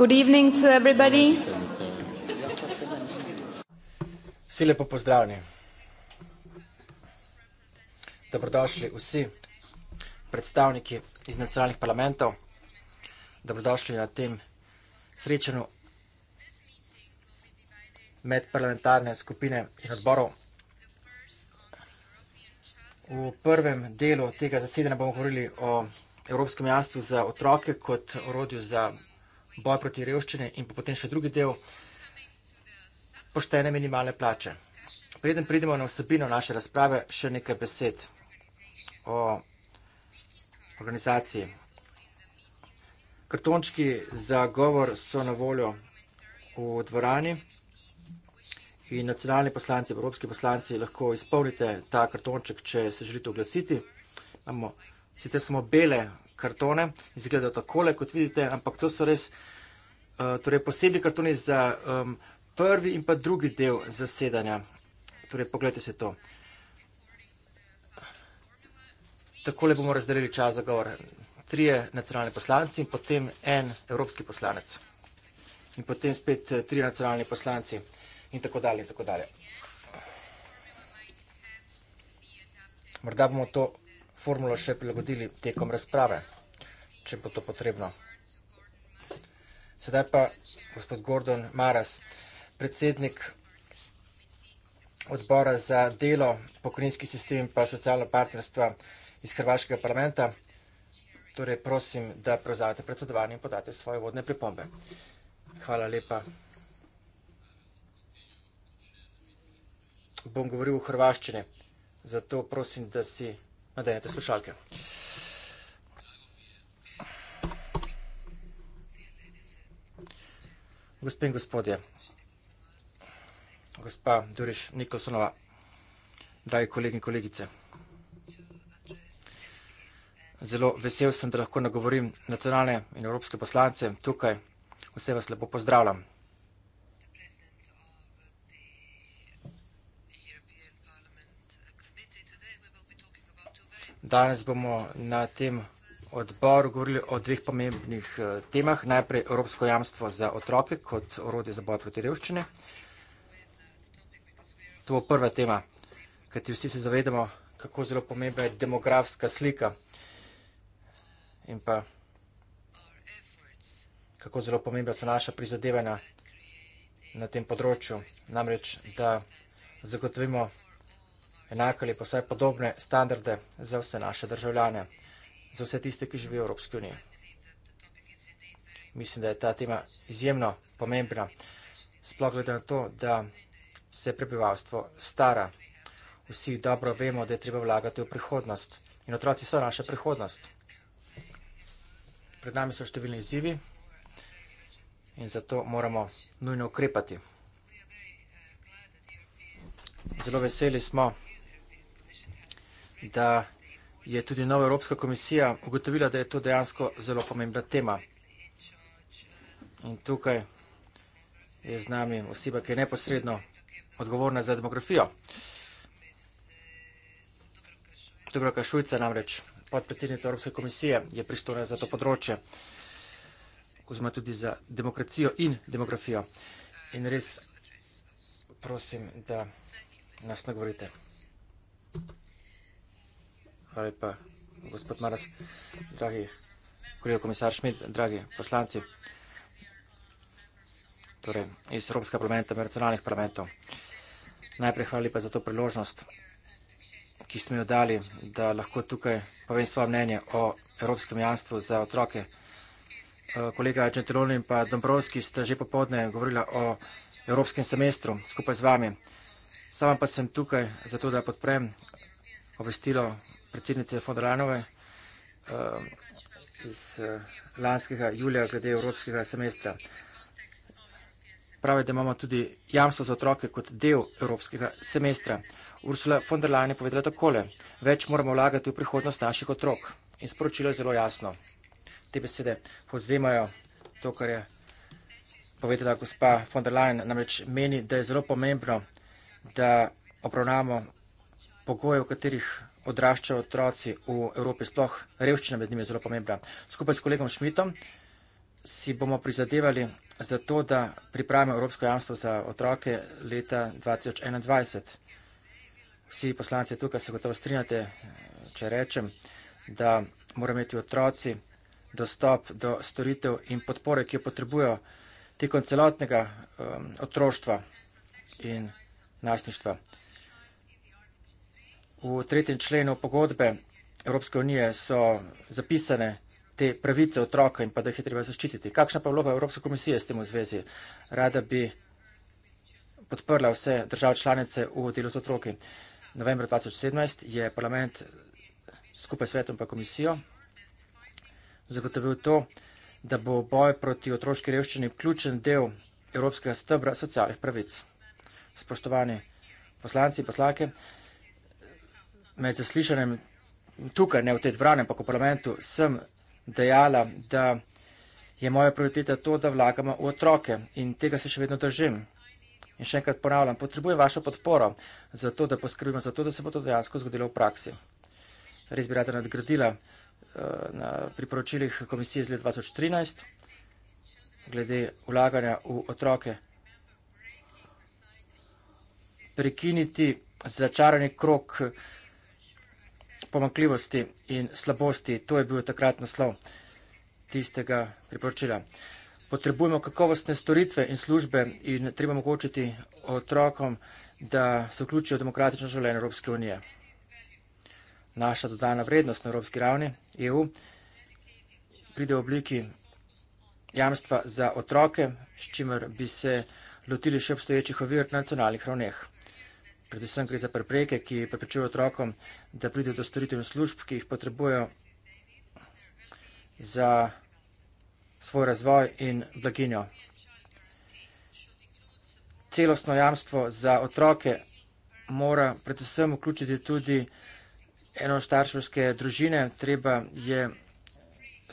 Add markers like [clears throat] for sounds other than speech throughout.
Good evening to everybody. Vsi lepo pozdravljeni. Dobrodošli vsi predstavniki iz nacionalnih parlamentov. Dobrodošli na tem srečanju medparlamentarne skupine in odborov. V prvem delu tega zasedanja bomo govorili o evropskem jamstvu za otroke kot orodju za boj proti revščini in potem še drugi del poštene minimalne plače. Preden pridemo na vsebino naše razprave, še nekaj besed o organizaciji. Kartončki za govor so na voljo v dvorani in nacionalni poslanci, evropski poslanci lahko izpolnite ta kartonček, če se želite oglasiti. Imamo sicer samo bele kartone, izgledajo takole, kot vidite, ampak to so res eh, torej posebni kartoni za prvi in pa drugi del zasedanja. Torej, pogledajte se to. Takole bomo razdelili čas za govor. Trije nacionalni poslanci in potem en evropski poslanec. In potem spet eh, trije nacionalni poslanci in tako dalje in tako dalje. Morda bomo to formulo še prilagodili tekom razprave, če bo to potrebno. Sedaj pa gospod Gordon Maras, predsednik odbora za delo, pokojninski sistem in pa socialno partnerstvo iz Hrvaškega parlamenta. Torej, prosim, da prevzavete predsedovanje in podate svoje vodne pripombe. Hvala lepa. Bom govoril v hrvaščini, zato prosim, da si nadejete slušalke. Gospod in gospodje, gospa Duriš Nikolsonova, dragi kolegi in kolegice, zelo vesel sem, da lahko nagovorim nacionalne in evropske poslance tukaj. Vse vas lepo pozdravljam. Danes bomo na tem odboru govorili o dveh pomembnih eh, temah. Najprej Evropsko jamstvo za otroke kot orodje za boj proti revščini. To bo prva tema, kajti vsi se zavedamo, kako zelo pomembna je demografska slika in pa kako zelo pomembna so naša prizadevanja na tem področju. Namreč, da zagotovimo enake ali pa vsaj podobne standarde za vse naše državljane, za vse tiste, ki živijo v Evropski uniji. Mislim, da je ta tema izjemno pomembna, sploh glede na to, da se prebivalstvo stara. Vsi dobro vemo, da je treba vlagati v prihodnost in otroci so naša prihodnost. Pred nami so številni izzivi in zato moramo nujno ukrepati. Zelo veseli smo, da je tudi nova Evropska komisija ugotovila, da je to dejansko zelo pomembna tema. In tukaj je z nami oseba, ki je neposredno odgovorna za demografijo. Dobroka Šujca namreč, podpredsednica Evropske komisije, je pristojna za to področje, oziroma tudi za demokracijo in demografijo. In res prosim, da nas nagovorite. Hvala lepa, gospod Maras. Dragi kolega komisar Šmit, dragi poslanci, torej iz Evropskega parlamenta in nacionalnih parlamentov. Najprej hvala lepa za to priložnost, ki ste mi jo dali, da lahko tukaj povem svoje mnenje o evropskem jamstvu za otroke. Eh, kolega Čentelon in pa Dombrovski ste že popodne govorila o evropskem semestru skupaj z vami. Sama pa sem tukaj zato, da podprem obvestilo predsednice Fodoranove eh, iz eh, lanskega julija glede evropskega semestra. Pravi, da imamo tudi jamstvo za otroke kot del evropskega semestra. Ursula von der Leyen je povedala takole, več moramo vlagati v prihodnost naših otrok. In sporočilo je zelo jasno. Te besede povzemajo to, kar je povedala gospa von der Leyen, namreč meni, da je zelo pomembno, da obravnavamo pogoje, v katerih odraščajo otroci v Evropi, sploh revščina med njimi je zelo pomembna. Skupaj s kolegom Šmitom si bomo prizadevali za to, da pripravimo Evropsko jamstvo za otroke leta 2021. Vsi poslanci tukaj se gotovo strinjate, če rečem, da morajo imeti otroci dostop do storitev in podpore, ki jo potrebujo tekom celotnega um, otroštva in najstništva. V tretjem členu pogodbe Evropske unije so zapisane te pravice otroka in pa da jih je treba zaščititi. Kakšna pa vloga Evropske komisije s tem v zvezi? Rada bi podprla vse države članice v delu z otroki. Novembra 2017 je parlament skupaj s svetom pa komisijo zagotovil to, da bo boj proti otroški revščini ključen del evropskega stebra socialnih pravic. Spoštovani poslanci in poslake, med zaslišanjem tukaj, ne v tej dvorani, ampak v parlamentu, sem dejala, da je moja prioriteta to, da vlagamo v otroke in tega se še vedno držim. In še enkrat ponavljam, potrebujem vašo podporo za to, da poskrbimo za to, da se bo to dejansko zgodilo v praksi. Res bi rada nadgradila eh, na priporočilih komisije iz leta 2013 glede vlaganja v otroke. Prekiniti začarani krok pomankljivosti in slabosti. To je bil takrat naslov tistega priporočila. Potrebujemo kakovostne storitve in službe in treba mogočiti otrokom, da se vključijo v demokratično življenje Evropske unije. Naša dodana vrednost na Evropski ravni EU pride v obliki jamstva za otroke, s čimer bi se lotili še obstoječih ovir na nacionalnih ravneh. Predvsem gre za prepreke, ki preprečujejo otrokom, da pride do storitevnih služb, ki jih potrebujejo za svoj razvoj in blaginjo. Celostno jamstvo za otroke mora predvsem vključiti tudi eno starševske družine. Treba je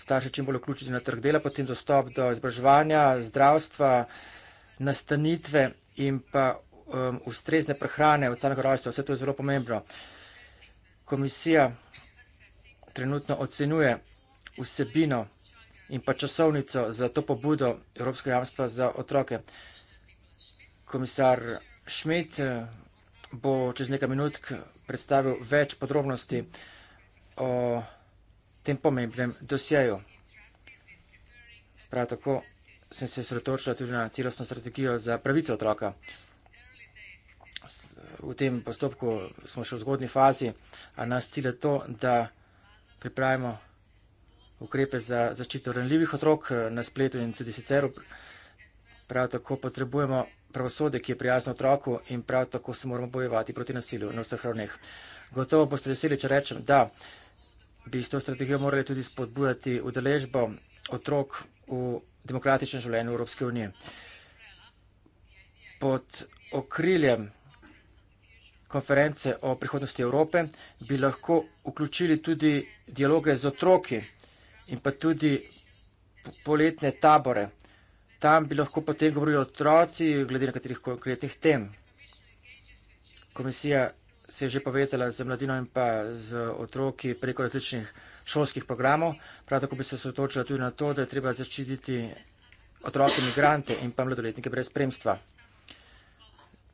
starše čim bolj vključiti na trg dela, potem dostop do izobraževanja, zdravstva, nastanitve in pa um, ustrezne prehrane od samega rojstva. Vse to je zelo pomembno. Uh, komisija trenutno ocenuje vsebino in pa časovnico za to pobudo Evropske jamstva za otroke. Komisar Schmidt eh, bo čez nekaj minut predstavil več podrobnosti o tem pomembnem dosjeju. Prav tako sem se sredotočila tudi na celostno strategijo za pravico otroka v tem postopku smo še v zgodni fazi, a nas cilj je to, da pripravimo ukrepe za začito ranljivih otrok eh, na spletu in tudi sicer prav tako potrebujemo pravosode, ki je prijazno otroku in prav tako se moramo bojevati proti nasilju na vseh ravneh. Gotovo boste veseli, če rečem, da bi s to strategijo morali tudi spodbujati udeležbo otrok v demokratičnem življenju Evropske unije. Pod okriljem konference o prihodnosti Evrope, bi lahko vključili tudi dialoge z otroki in pa tudi poletne tabore. Tam bi lahko potem govorili otroci glede na katerih konkretnih tem. Komisija se je že povezala z mladino in pa z otroki preko različnih šolskih programov. Prav tako bi se sotočila tudi na to, da je treba zaščititi otroke, migrante in pa mladoletnike brez spremstva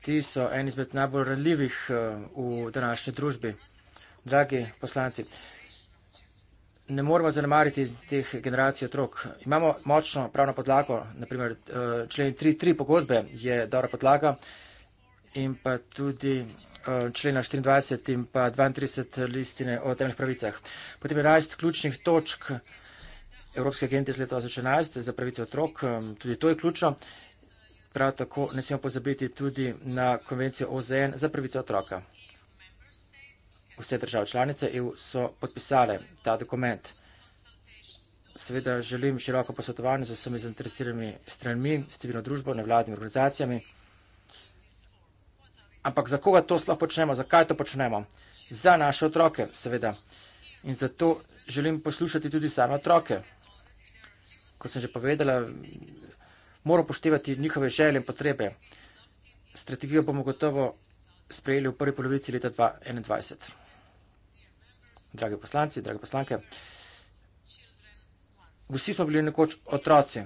ti so eni izmed najbolj ranljivih eh, v današnji družbi. Dragi poslanci, ne moramo zanemariti teh generacij otrok. Imamo močno pravno podlago, naprimer eh, člen 3.3 pogodbe je dobra podlaga in pa tudi eh, člena 24 in pa 32 listine o temeljnih pravicah. Potem je rajst ključnih točk Evropske agente iz leta 2011 za pravice otrok, tudi to je ključno. Prav tako ne smemo pozabiti tudi na konvencijo OZN za pravico otroka. Vse države članice EU so podpisale ta dokument. Seveda želim široko posvetovanje z vsemi zainteresiranimi stranmi, s civilno družbo, nevladnimi organizacijami. Ampak za koga to sploh počnemo, zakaj to počnemo? Za naše otroke, seveda. In zato želim poslušati tudi same otroke. Kot sem že povedala, mora poštevati njihove želje in potrebe. Strategijo bomo gotovo sprejeli v prvi polovici leta 2021. Dragi poslanci, drage poslanke, vsi smo bili nekoč otroci.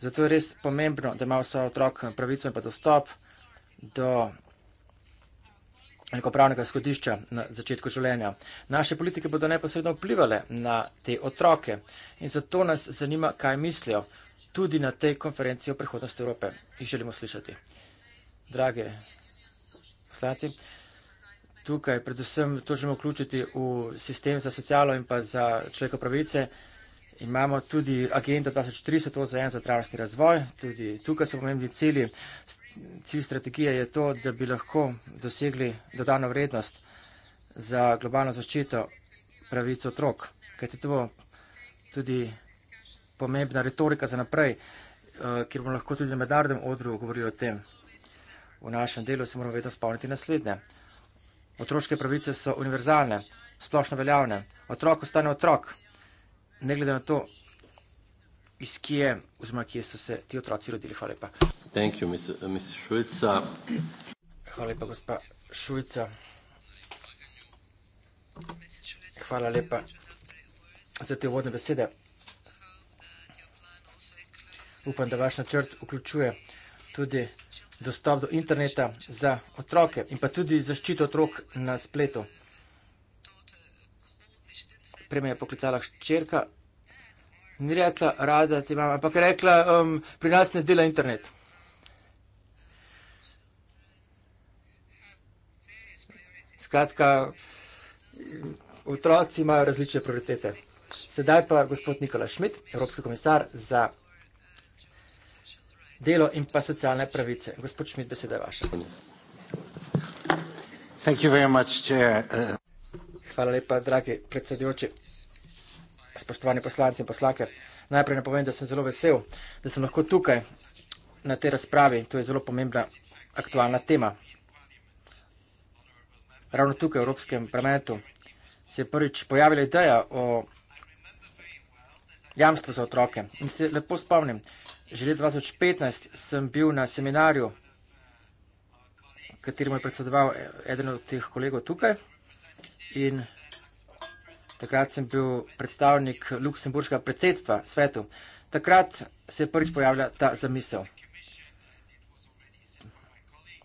Zato je res pomembno, da ima vsa otrok pravico in pa dostop do enakopravnega skodišča na začetku življenja. Naše politike bodo neposredno vplivali na te otroke in zato nas zanima, kaj mislijo tudi na tej konferenciji o prihodnosti Evrope. Jih želimo slišati. Drage poslanci, tukaj predvsem to želimo vključiti v sistem za socialo in pa za človeko pravice. Imamo tudi agenda 2030, to za en za trajnostni razvoj. Tudi tukaj so pomembni cilji. Cilj strategije je to, da bi lahko dosegli dodano vrednost za globalno zaščito pravic otrok. Kajti to bo tudi pomembna retorika za naprej, uh, kjer bomo lahko tudi na mednarodnem odru govorili o tem. V našem delu se moramo vedno spomniti naslednje. Otroške pravice so univerzalne, splošno veljavne. Otrok ostane otrok, ne glede na to, iz kje, oziroma kje so se ti otroci rodili. Hvala lepa. You, Ms. Uh, Ms. Hvala lepa, gospa Šujca. Hvala lepa za te uvodne besede. Upam, da vaš načrt vključuje tudi dostop do interneta za otroke in pa tudi zaščito otrok na spletu. Prej me je poklicala hčerka, ni rekla, rada ti imam, ampak je rekla, um, pri nas ne dela internet. Skratka, otroci imajo različne prioritete. Sedaj pa gospod Nikola Šmit, evropski komisar za delo in pa socialne pravice. Gospod Šmit, beseda je vaša. Hvala lepa, dragi predsedujoči, spoštovani poslanci in poslake. Najprej napovem, da sem zelo vesel, da sem lahko tukaj na tej razpravi. To je zelo pomembna aktualna tema. Ravno tukaj v Evropskem parlamentu se je prvič pojavila ideja o jamstvu za otroke. In se lepo spomnim, Že leta 2015 sem bil na seminarju, katerimu je predsedoval eden od teh kolegov tukaj in takrat sem bil predstavnik Luksemburškega predsedstva svetu. Takrat se je prvič pojavila ta zamisel,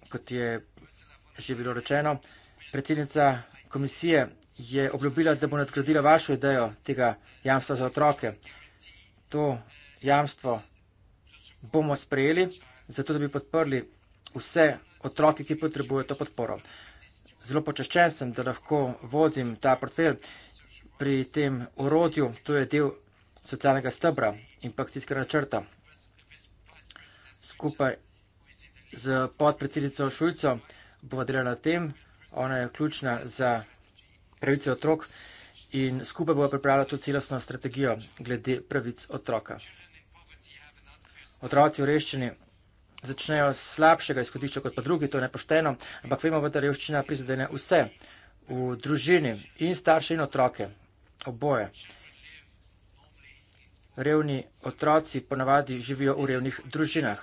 kot je že bilo rečeno. Predsednica komisije je obljubila, da bo nadgradila vašo idejo tega jamstva za otroke. To jamstvo bomo sprejeli, zato da bi podprli vse otroke, ki potrebujejo to podporo. Zelo počaščen sem, da lahko vodim ta portfelj pri tem urodju, to je del socialnega stebra in pakcijskega načrta. Skupaj z podpredsednico Šuljco bova delala tem, ona je ključna za pravice otrok in skupaj bova pripravila to celostno strategijo glede pravic otroka otroci v reščini začnejo s slabšega izhodišča kot pa drugi, to je nepošteno, ampak vemo, da revščina prizadene vse v družini in starše in otroke, oboje. Revni otroci ponavadi živijo v revnih družinah.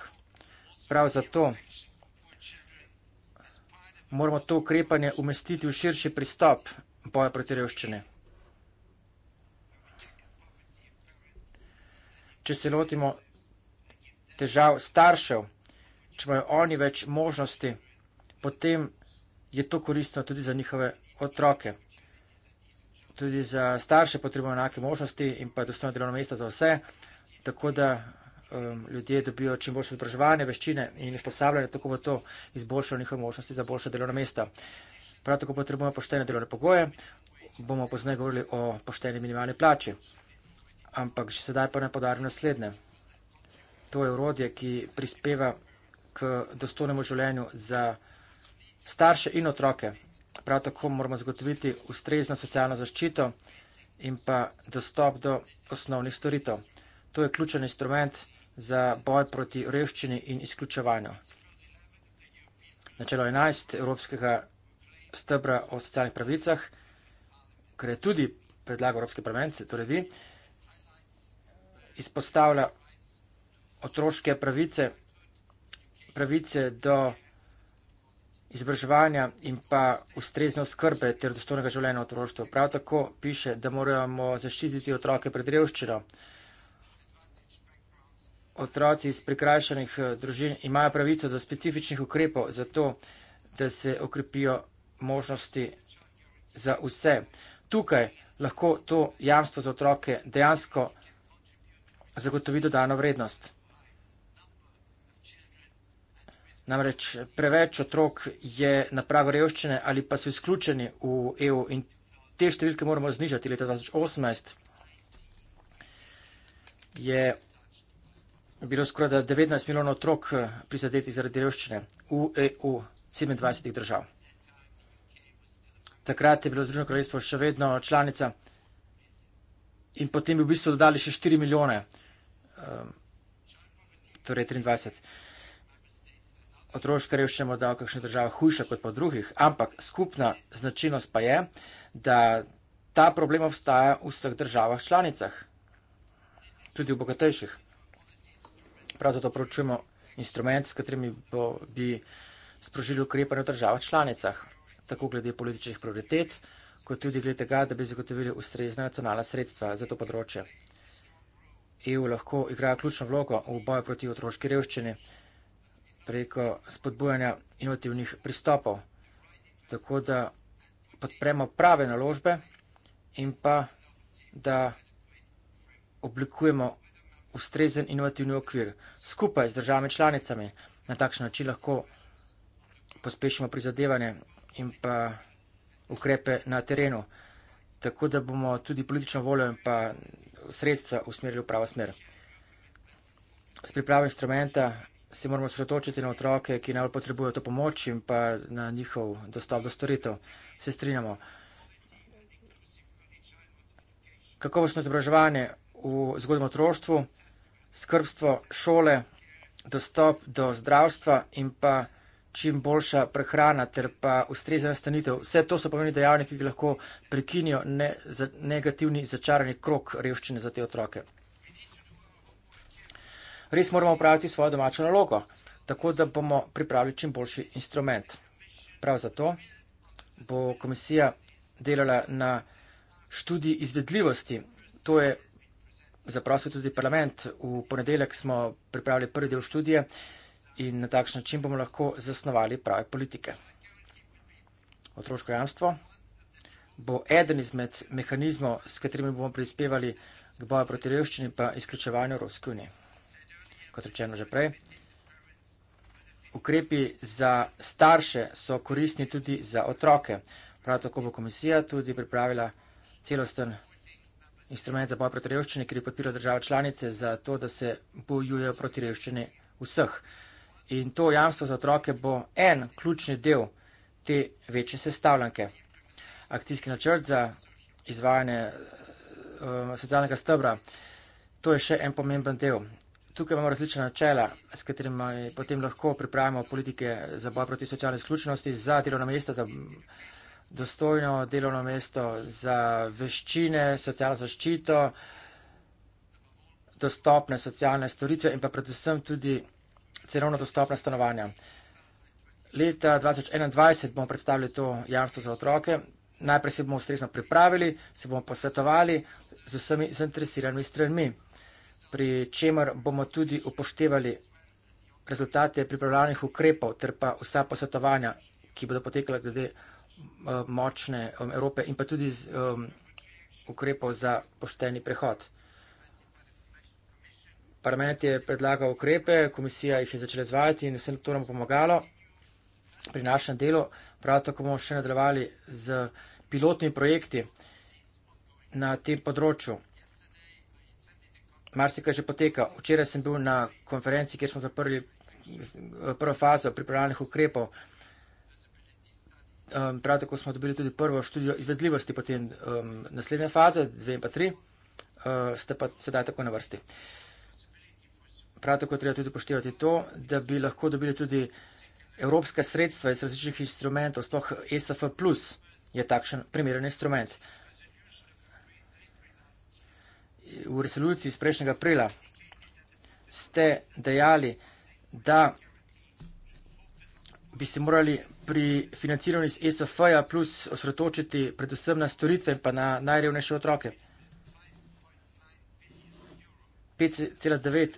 Prav zato moramo to ukrepanje umestiti v širši pristop boja proti revščini. Če se lotimo težav staršev, če imajo oni več možnosti, potem je to koristno tudi za njihove otroke. Tudi za starše potrebujemo enake možnosti in pa dostojno delovno mesto za vse, tako da um, ljudje dobijo čim boljše izobraževanje, veščine in usposabljanje, tako bo to izboljšalo njihove možnosti za boljše delovno mesto. Prav tako potrebujemo poštene delovne pogoje, bomo pozneje govorili o pošteni minimalni plači. Ampak že sedaj pa ne podarim naslednje to je urodje, ki prispeva k dostojnemu življenju za starše in otroke. Prav tako moramo zagotoviti ustrezno socialno zaščito in pa dostop do osnovnih storitev. To je ključen instrument za boj proti revščini in izključevanju. Načelo 11 Evropskega stebra o socialnih pravicah, kar je tudi predlaga Evropski parlament, torej vi, izpostavlja otroške pravice, pravice do izobraževanja in pa ustrezne oskrbe ter dostojnega življenja otroštva. Prav tako piše, da moramo zaščititi otroke pred revščino. Otroci iz prikrajšanih eh, družin imajo pravico do specifičnih ukrepov za to, da se okrepijo možnosti za vse. Tukaj lahko to jamstvo za otroke dejansko zagotovi dodano vrednost. Namreč preveč otrok je na pragu revščine ali pa so izključeni v EU in te številke moramo znižati. Leta 2018 je bilo skoraj 19 milijonov otrok prizadetih zaradi revščine v EU 27 držav. Takrat je bilo Združeno kraljestvo še vedno članica in potem bi v bistvu dodali še 4 milijone, ehm, torej 23 milijone otroške revščine morda v kakšnih državah hujša kot pa drugih, ampak skupna značilnost pa je, da ta problem obstaja v vseh državah članicah, tudi v bogatejših. Prav zato pročujemo instrument, s katerimi bo, bi sprožili ukrepanje v državah članicah, tako glede političnih prioritet, kot tudi glede tega, da bi zagotovili ustrezna nacionalna sredstva za to področje. EU lahko igra ključno vlogo v boju proti otroški revščini preko spodbujanja inovativnih pristopov. Tako da podpremo prave naložbe in pa da oblikujemo ustrezen inovativni okvir skupaj z državami članicami. Na takšen način lahko pospešimo prizadevanje in pa ukrepe na terenu, tako da bomo tudi politično voljo in pa sredstva usmerili v pravo smer. S pripravo instrumenta se moramo sretočiti na otroke, ki najbolj potrebujo to pomoč in pa na njihov dostop do storitev. Se strinjamo. Kakovostno izobraževanje v zgodnem otroštvu, skrbstvo šole, dostop do zdravstva in pa čim boljša prehrana ter pa ustrezna stanitev. Vse to so pomeni dejavniki, ki lahko prekinijo ne, negativni začarani krok revščine za te otroke res moramo upraviti svojo domačo nalogo, tako da bomo pripravili čim boljši instrument. Prav zato bo komisija delala na študiji izvedljivosti. To je zaprosil tudi parlament. V ponedeljek smo pripravili prvi del študije in na takšen način bomo lahko zasnovali prave politike. Otroško jamstvo bo eden izmed mehanizmov, s katerimi bomo prispevali k boju proti revščini pa izključevanju Evropske unije kot rečeno že prej. Ukrepi za starše so koristni tudi za otroke. Prav tako bo komisija tudi pripravila celosten instrument za boj proti revščini, ki podpira države članice za to, da se bojujejo proti revščini vseh. In to jamstvo za otroke bo en ključni del te večje sestavljanke. Akcijski načrt za izvajanje uh, socialnega stebra, to je še en pomemben del tukaj imamo različna načela, s katerimi potem lahko pripravimo politike za boj proti socialni izključnosti, za delovna mesta, za dostojno delovno mesto, za veščine, socialno zaščito, dostopne socialne storitve in pa predvsem tudi cenovno dostopna stanovanja. Leta 2021 bomo predstavili to jamstvo za otroke. Najprej se bomo ustrezno pripravili, se bomo posvetovali z vsemi zainteresiranimi stranmi pri čemer bomo tudi upoštevali rezultate pripravljalnih ukrepov ter pa vsa posvetovanja, ki bodo potekala glede eh, močne um, Evrope in pa tudi z, um, ukrepov za pošteni prehod. Parlament je predlagal ukrepe, komisija jih je začela izvajati in vse to nam pomagalo pri našem delu. Prav tako bomo še nadaljevali z pilotnimi projekti na tem področju marsikaj že poteka. Včeraj sem bil na konferenci, kjer smo zaprli eh, prvo fazo pripravljalnih ukrepov. Um, prav tako smo dobili tudi prvo študijo izvedljivosti, potem um, naslednje faze, dve in pa tri, uh, eh, ste pa sedaj tako na vrsti. Prav tako treba tudi poštevati to, da bi lahko dobili tudi evropska sredstva iz različnih instrumentov, sploh e SF, je takšen primeren instrument. Uh, v resoluciji iz prejšnjega aprila ste dejali, da bi se morali pri financiranju iz SFA plus osredotočiti predvsem na storitve pa na najrevnejše otroke. 5,9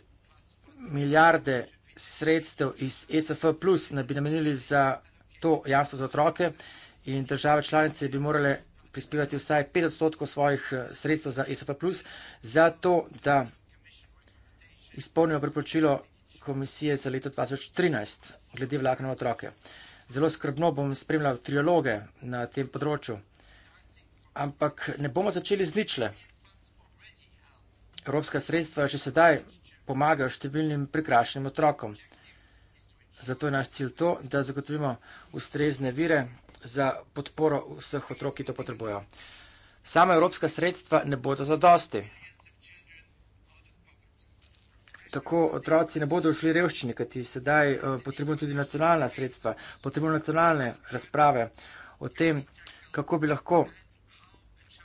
milijarde sredstev iz SF plus naj bi namenili za to jamstvo za otroke in države članice bi morale prispevati vsaj 5 odstotkov svojih eh, sredstev za ISF, e za to, da izpolnijo priporočilo komisije za leto 2013 glede vlakna v otroke. Zelo skrbno bom spremljal trialoge na tem področju, ampak ne bomo začeli z ničle. Evropska sredstva že sedaj pomagajo številnim prikrašenim otrokom. Zato je naš cilj to, da zagotovimo ustrezne vire za podporo vseh otrok, ki to potrebujo. Sama evropska sredstva ne bodo zadosti. Tako otroci ne bodo šli revščini, kajti sedaj eh, potrebujemo tudi nacionalna sredstva, potrebujemo nacionalne razprave o tem, kako bi lahko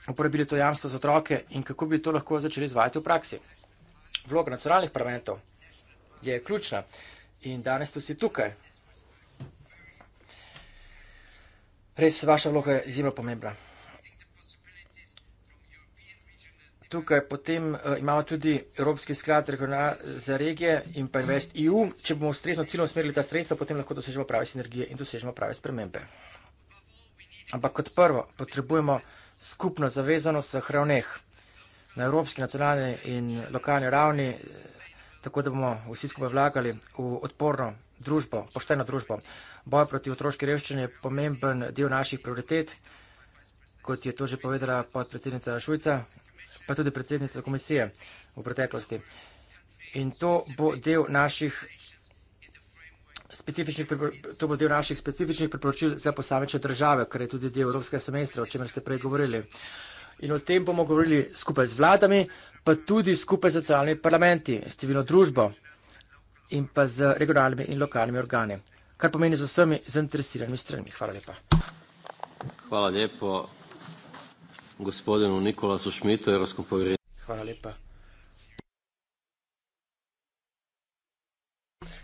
uporabili to jamstvo za otroke in kako bi to lahko začeli izvajati v praksi. Vloga nacionalnih parlamentov je ključna in danes ste vsi tukaj. Res vaša vloga je izjemno pomembna. Tukaj potem uh, imamo tudi Evropski sklad za regije in pa Invest EU. Če bomo ustrezno ciljno usmerili ta sredstva, potem lahko dosežemo prave sinergije in dosežemo prave spremembe. Ampak kot prvo potrebujemo skupno zavezanost v hravneh na evropski, nacionalni in lokalni ravni, eh, tako da bomo vsi skupaj vlagali v odporno družbo, pošteno družbo. Boj proti otroški revščini je pomemben del naših prioritet, kot je to že povedala podpredsednica Šujca, pa tudi predsednica komisije v preteklosti. In to bo del naših specifičnih, to bo del naših specifičnih priporočil za posamečne države, kar je tudi del Evropskega semestra, o čemer ste prej govorili. In o tem bomo govorili skupaj z vladami, pa tudi skupaj z socialnimi parlamenti, s civilno družbo, in pa z regionalnimi in lokalnimi organi, kar pomeni z vsemi zainteresiranimi stranmi. Hvala lepa. Hvala lepo gospodinu Nikolasu Šmitu, evropskom povjerenju. Hvala lepa.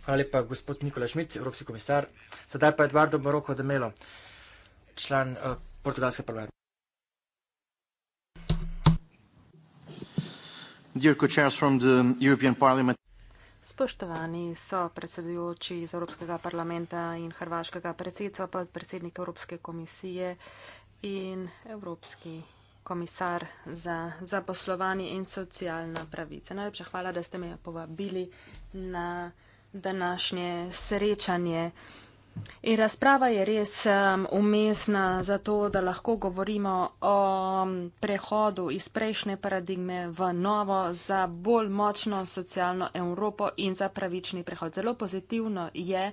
Hvala lepa, gospod Nikola Šmit, evropski komisar. Sedaj pa Eduardo Baroko de Melo, član uh, portugalske parlamenta. Dear co-chairs from the European Parliament. Spoštovani so predsedujoči iz Evropskega parlamenta in Hrvaškega predsedstva, pa predsednik Evropske komisije in Evropski komisar za zaposlovanje in socialna pravica. Najlepša hvala, da ste me povabili na današnje srečanje. In razprava je res um, umestna za to, da lahko govorimo o um, prehodu iz prejšnje paradigme v novo za bolj močno socialno Evropo in za pravični prehod. Zelo pozitivno je,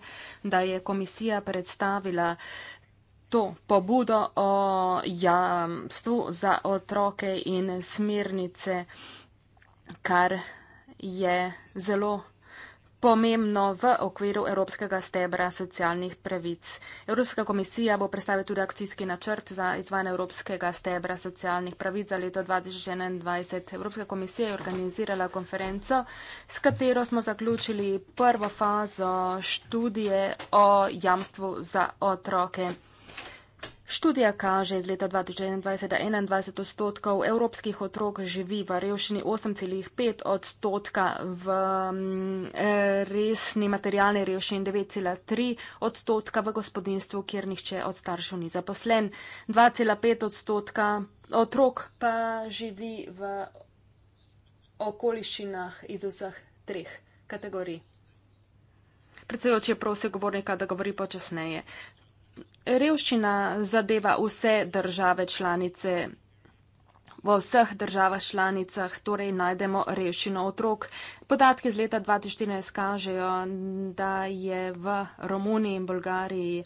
da je komisija predstavila to pobudo o jamstvu za otroke in smernice, kar je zelo pomembno pomembno v okviru Evropskega stebra socialnih pravic. Evropska komisija bo predstavila tudi akcijski načrt za izvajanje Evropskega stebra socialnih pravic za leto 2021. Evropska komisija je organizirala konferenco, s katero smo zaključili prvo fazo študije o jamstvu za otroke. Študija kaže, iz leta 2021, da 21 odstotkov evropskih otrok živi v revščini, 8,5 odstotka v mm, resni materialni revščini, 9,3 odstotka v gospodinstvu, kjer nihče od staršev ni zaposlen, 2,5 odstotka otrok pa živi v okoliščinah iz vseh treh kategorij. Predsedujoči je prosil govornika, da govori počasneje revščina zadeva vse države članice. V vseh državah članicah torej najdemo revščino otrok. Podatki z leta 2014 kažejo, da je v Romuniji in Bolgariji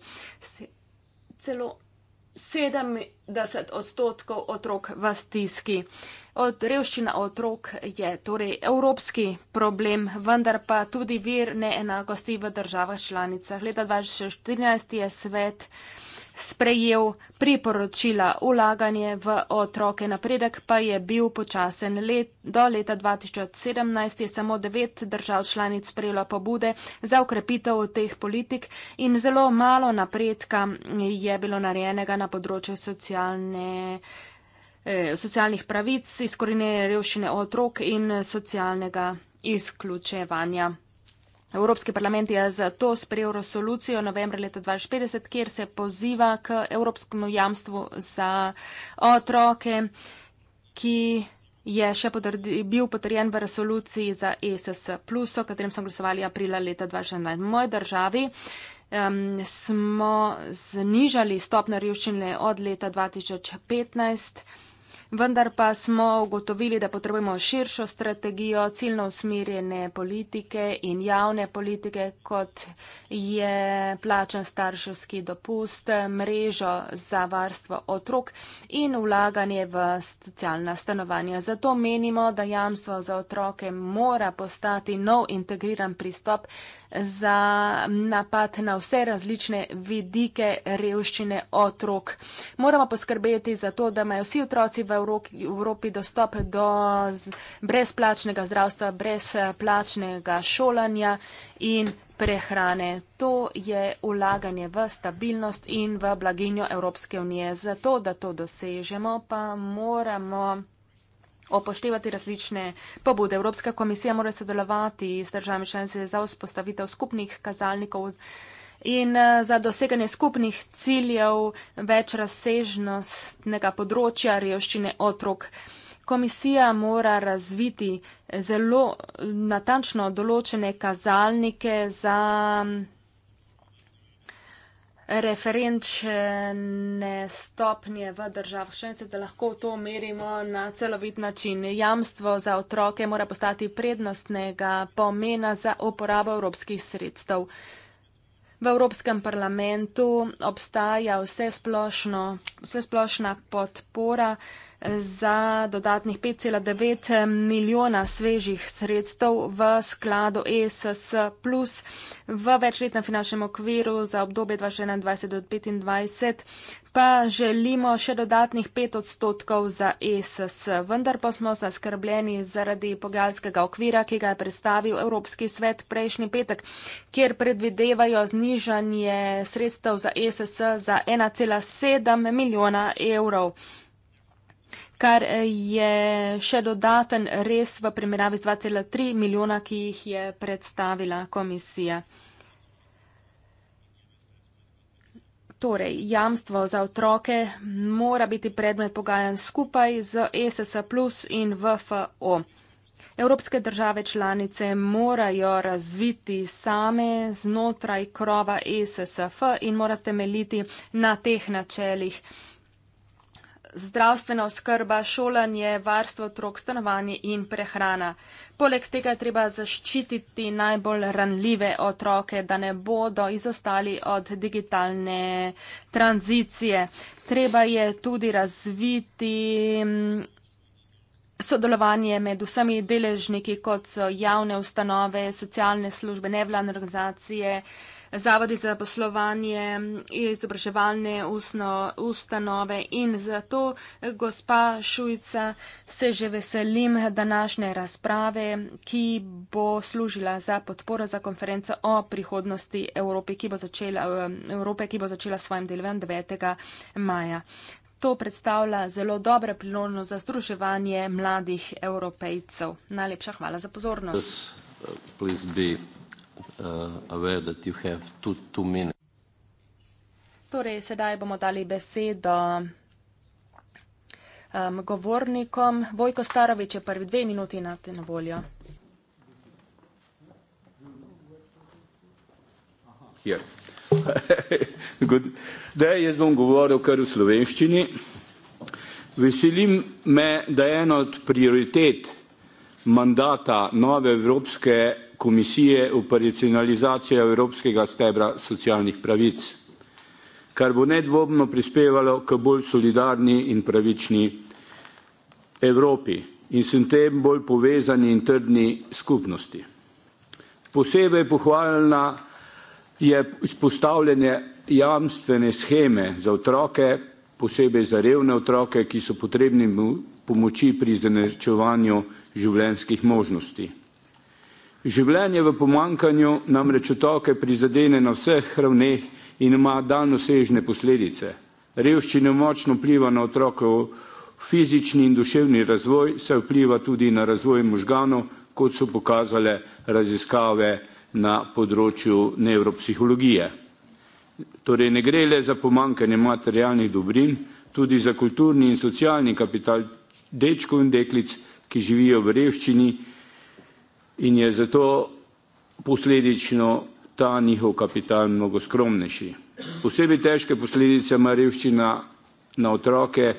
celo 70 odstotkov otrok v stiski. Od revščina otrok je torej evropski problem, vendar pa tudi vir neenakosti v državah članicah. Leta 2014 je svet sprejel priporočila ulaganje v otroke. Napredek pa je bil počasen. Let, do leta 2017 je samo devet držav članic sprejelo pobude za ukrepitev teh politik in zelo malo napredka je bilo narejenega na področju socialne. Eh, socialnih pravic, izkorenjene revščine otrok in socialnega izključevanja. Evropski parlament je zato sprejel resolucijo novembra leta 2050, kjer se poziva k evropskemu jamstvu za otroke, ki je še potrdi, bil potrjen v resoluciji za ESS, plus, o katerem smo glasovali aprila leta 2011. V moji državi um, smo znižali stopno revščine od leta 2015 vendar pa smo ugotovili, da potrebujemo širšo strategijo, ciljno usmirjene politike in javne politike, kot je plačen starševski dopust, mrežo za varstvo otrok in vlaganje v socialna stanovanja. Zato menimo, da jamstvo za otroke mora postati nov integriran pristop za napad na vse različne vidike revščine otrok. Moramo poskrbeti za to, da imajo vsi otroci v Evropi dostop do brezplačnega zdravstva, brezplačnega šolanja in prehrane. To je ulaganje v stabilnost in v blaginjo Evropske unije. Zato, da to dosežemo, pa moramo opoštevati različne pobude. Evropska komisija mora sodelovati s državami članice za vzpostavitev skupnih kazalnikov in eh, za doseganje skupnih ciljev več razsežnostnega področja revščine otrok. Komisija mora razviti eh, zelo natančno določene kazalnike za mm, referenčne stopnje v državah članice, da lahko to merimo na celovit način. Jamstvo za otroke mora postati prednostnega pomena za uporabo evropskih sredstev. V Evropskem parlamentu obstaja vse splošno, vse splošna podpora za dodatnih 5,9 eh, milijona svežih sredstev v skladu ESS plus v večletnem finančnem okviru za obdobje 2021 do 2025 pa želimo še dodatnih 5 odstotkov za ESS. Vendar pa smo zaskrbljeni zaradi pogajalskega okvira, ki ga je predstavil Evropski svet prejšnji petek, kjer predvidevajo znižanje sredstev za ESS za 1,7 milijona evrov kar eh, je še dodaten res v primerjavi z 2,3 milijona, ki jih je predstavila komisija. Torej, jamstvo za otroke mora biti predmet pogajan skupaj z ESS plus in VFO. Evropske države članice morajo razviti same znotraj krova ESSF in mora temeljiti na teh načelih zdravstvena oskrba, šolanje, varstvo otrok, stanovanje in prehrana. Poleg tega je treba zaščititi najbolj ranljive otroke, da ne bodo izostali od digitalne tranzicije. Treba je tudi razviti mm, sodelovanje med vsemi deležniki, kot so javne ustanove, socialne službe, nevladne organizacije, zavodi za poslovanje, izobraževalne usno, ustanove in zato, gospa Šujca, se že veselim današnje razprave, ki bo služila za podporo za konferenco o prihodnosti Evrope, ki bo začela, eh, Evrope, ki bo začela svojim delovem 9. maja. To predstavlja zelo dobro priložnost za združevanje mladih evropejcev. Najlepša hvala za pozornost. This, uh, uh, aware that you have two, two minutes. Torej, sedaj bomo dali besedo um, govornikom. Vojko Starovič je prvi dve minuti na te na voljo. [laughs] Zdaj jaz bom govoril kar v slovenščini. Veselim me, da je ena od prioritet mandata nove Evropske komisije operacionalizacija evropskega stebra socialnih pravic, kar bo nedvomno prispevalo k bolj solidarni in pravični Evropi in s tem bolj povezani in trdni skupnosti. Posebej pohvaljena je izpostavljanje jamstvene sheme za otroke, posebej za revne otroke, ki so potrebni pomoči pri izenačevanju življenjskih možnosti. Življenje v pomankanju namreč otoke prizadene na vseh ravneh in ima daljnosežne posledice. Revščina močno vpliva na otrokov fizični in duševni razvoj, se vpliva tudi na razvoj možganov, kot so pokazale raziskave na področju nevropsihologije. Torej ne gre le za pomankanje materialnih dobrin, tudi za kulturni in socialni kapital dečkov in deklic, ki živijo v revščini in je zato posledično ta njihov kapital mnogo skromnejši. Posebej težke posledice ima revščina na otroke,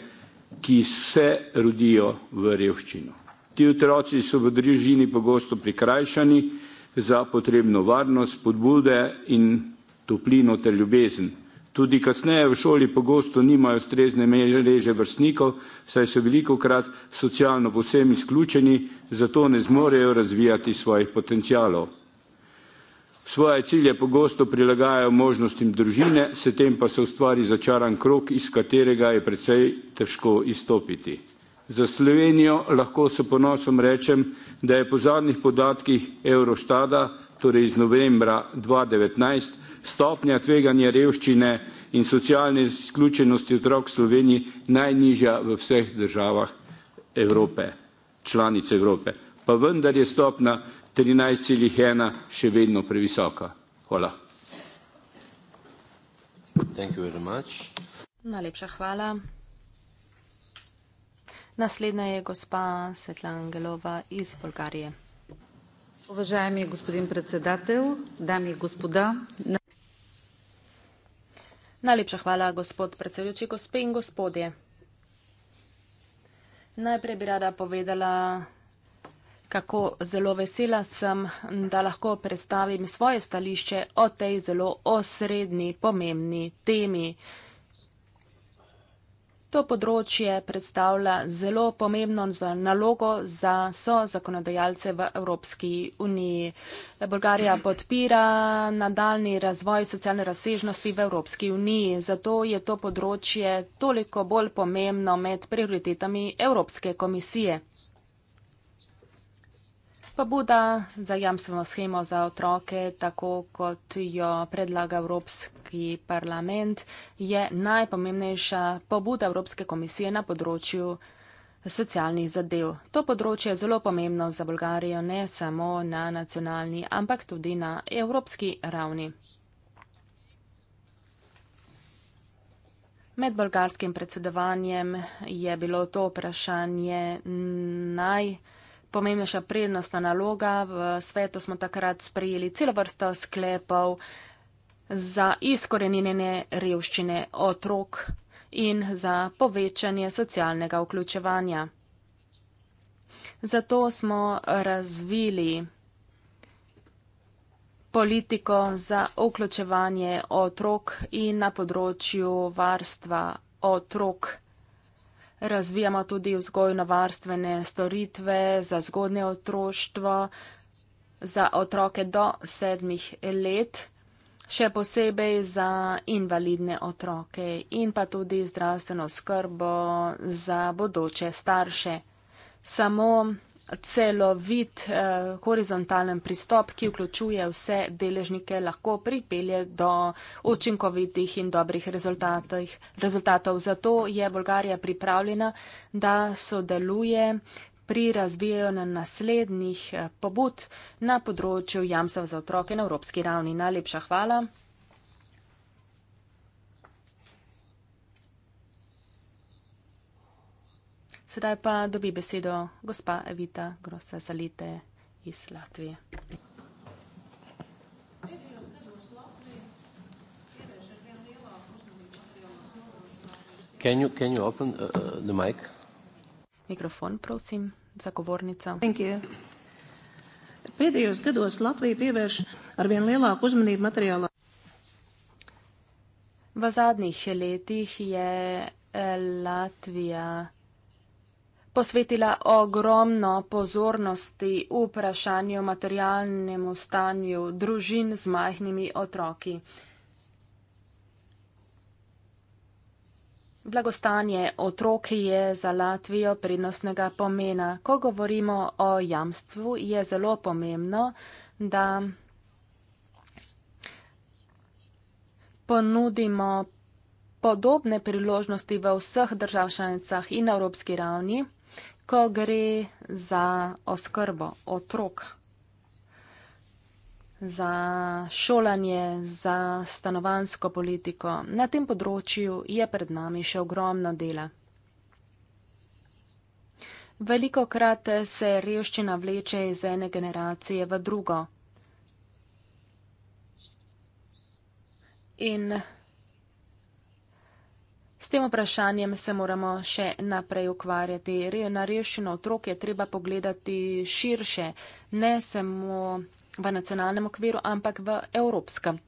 ki se rodijo v revščino. Ti otroci so v družini pogosto prikrajšani za potrebno varnost, spodbude in toplino ter ljubezen. Tudi kasneje v šoli pogosto nimajo ustrezne mreže vrstnikov, saj so velikokrat socialno povsem izključeni, zato ne zmorejo razvijati svojih potencialov. Svoje cilje pogosto prilagajajo možnostim družine, s tem pa se ustvari začaran krok, iz katerega je precej težko izstopiti. Za Slovenijo lahko s ponosom rečem, da je po zadnjih podatkih Eurostada, torej iz novembra dva devetnajst, stopnja tveganja revščine in socialne izključenosti otrok v Sloveniji najnižja v vseh državah Evrope, članic Evrope. Pa vendar je stopna 13,1 še vedno previsoka. Hvala. Thank you very much. Najlepša hvala. Naslednja je gospa Svetlana Angelova iz Bolgarije. Uvaženi gospodin predsedatelj, dame in gospoda. Najlepša hvala, gospod predsedujoči, gospe in gospodje. Najprej bi rada povedala, kako zelo vesela sem, da lahko predstavim svoje stališče o tej zelo osrednji, pomembni temi. To področje predstavlja zelo pomembno nalogo za so zakonodajalce v Evropski uniji. Bolgarija podpira nadaljni razvoj socialne razsežnosti v Evropski uniji, zato je to področje toliko bolj pomembno med prioritetami Evropske komisije. Pobuda za jamstveno schemo za otroke, tako kot jo predlaga Evropska Evropski parlament je najpomembnejša pobuda Evropske komisije na področju socialnih zadev. To področje je zelo pomembno za Bolgarijo ne samo na nacionalni, ampak tudi na evropski ravni. Med bolgarskim predsedovanjem je bilo to vprašanje najpomembnejša prednostna naloga. V svetu smo takrat sprejeli celo vrsto sklepov, za izkoreninjenje revščine otrok in za povečanje socialnega vključevanja. Zato smo razvili politiko za vključevanje otrok in na področju varstva otrok. Razvijamo tudi vzgojno-varstvene storitve za zgodnje otroštvo, za otroke do sedmih let in še posebej za invalidne otroke in pa tudi zdravstveno skrbo za bodoče starše. Samo celovit eh, horizontalen pristop, ki vključuje vse deležnike, lahko pripelje do učinkovitih in dobrih rezultatov. Zato je Bolgarija pripravljena, da sodeluje pri razvijanju na naslednjih eh, pobud na področju jamstva za otroke na evropski ravni. Najlepša hvala. Sedaj pa dobi besedo gospa Evita Grosa Zalite iz Latvije. Can you, can you open, uh, uh the mic? Mikrofon, prosim za govornico. Pēdējos gados Latvija pievērš ar vien lielāku uzmanību materiālā. V zadnjih letih je eh, Latvija posvetila ogromno pozornosti vprašanju materialnemu stanju družin z majhnimi otroki. Blagostanje otrok je za Latvijo prednostnega pomena. Ko govorimo o jamstvu, je zelo pomembno, da ponudimo podobne priložnosti v vseh državšanicah in na evropski ravni, ko gre za oskrbo otrok za šolanje, za stanovansko politiko. Na tem področju je pred nami še ogromno dela. Veliko krat se revščina vleče iz ene generacije v drugo. In s tem vprašanjem se moramo še naprej ukvarjati. Na revščino otrok je treba pogledati širše, ne samo v nacionalnem okviru, ampak v evropskem.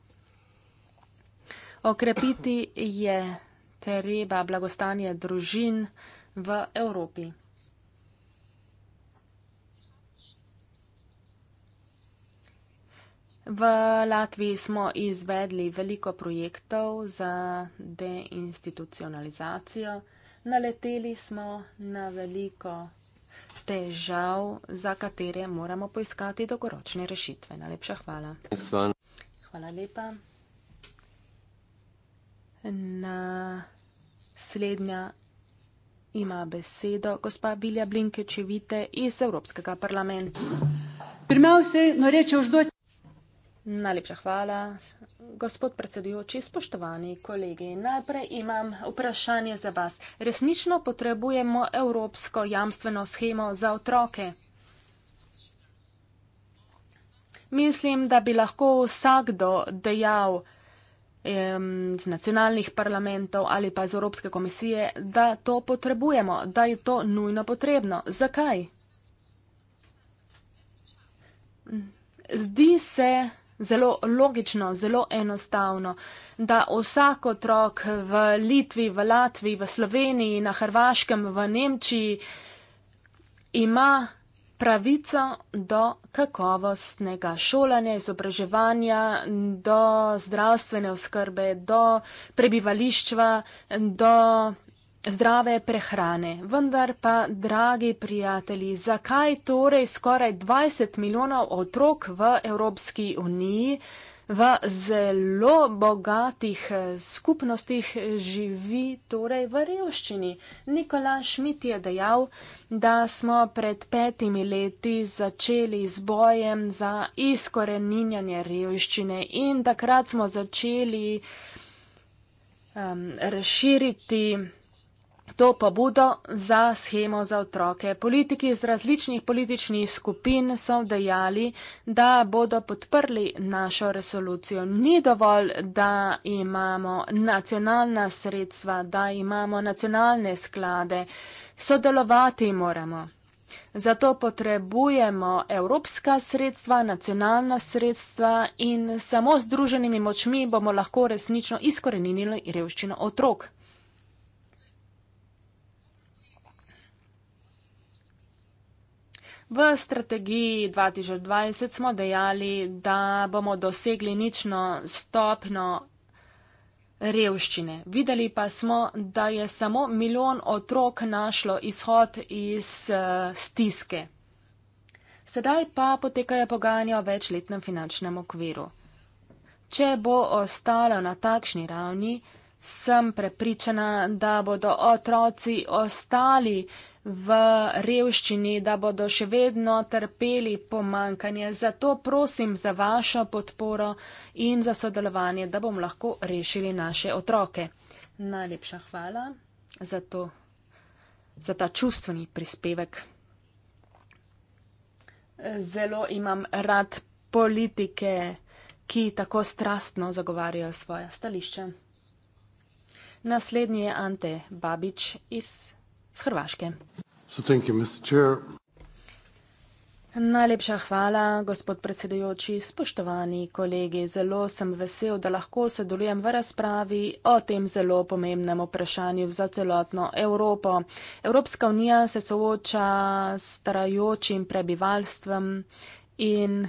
Okrepiti je treba blagostanje družin v Evropi. V Latviji smo izvedli veliko projektov za deinstitucionalizacijo. Naleteli smo na veliko projektov težav, za katere moramo poiskati dogoročne rešitve. Najlepša hvala. Hvala lepa. Naslednja ima besedo gospa Bilja Blinkečevite iz Evropskega parlamenta. Primal se, no reče, vždoj. Najlepša hvala. Gospod predsedujoči, spoštovani kolegi, najprej imam vprašanje za vas. Resnično potrebujemo evropsko jamstveno schemo za otroke. Mislim, da bi lahko vsakdo dejal z nacionalnih parlamentov ali pa z Evropske komisije, da to potrebujemo, da je to nujno potrebno. Zakaj? Zdi se, da je to nujno potrebno. Zelo logično, zelo enostavno, da vsak otrok v Litvi, v Latviji, v Sloveniji, na Hrvaškem, v Nemčiji ima pravico do kakovostnega šolanja, izobraževanja, do zdravstvene oskrbe, do prebivališča, do zdrave prehrane. Vendar pa, dragi prijatelji, zakaj torej skoraj 20 milijonov otrok v Evropski uniji v zelo bogatih eh, skupnostih živi torej v revščini? Nikola Šmit je dejal, da smo pred petimi leti začeli z bojem za izkoreninjanje revščine in takrat smo začeli um, razširiti to pobudo za schemo za otroke. Politiki iz različnih političnih skupin so dejali, da bodo podprli našo resolucijo. Ni dovolj, da imamo nacionalna sredstva, da imamo nacionalne sklade. Sodelovati moramo. Zato potrebujemo evropska sredstva, nacionalna sredstva in samo združenimi močmi bomo lahko resnično izkorenili revščino otrok. V strategiji 2020 smo dejali, da bomo dosegli nično stopno revščine. Videli pa smo, da je samo milijon otrok našlo izhod iz uh, stiske. Sedaj pa potekajo pogajanja o večletnem finančnem okviru. Če bo ostalo na takšni ravni, sem prepričana, da bodo otroci ostali v revščini, da bodo še vedno trpeli pomankanje. Zato prosim za vašo podporo in za sodelovanje, da bomo lahko rešili naše otroke. Najlepša hvala za, to, za ta čustveni prispevek. Zelo imam rad politike, ki tako strastno zagovarjajo svoja stališča. Naslednji je Ante Babič iz Hrvaške. So, thank you, Mr. Chair. Najlepša hvala, gospod predsedujoči, spoštovani kolegi. Zelo sem vesel, da lahko sodelujem v razpravi o tem zelo pomembnem vprašanju za celotno Evropo. Evropska unija se sooča s starajočim prebivalstvom in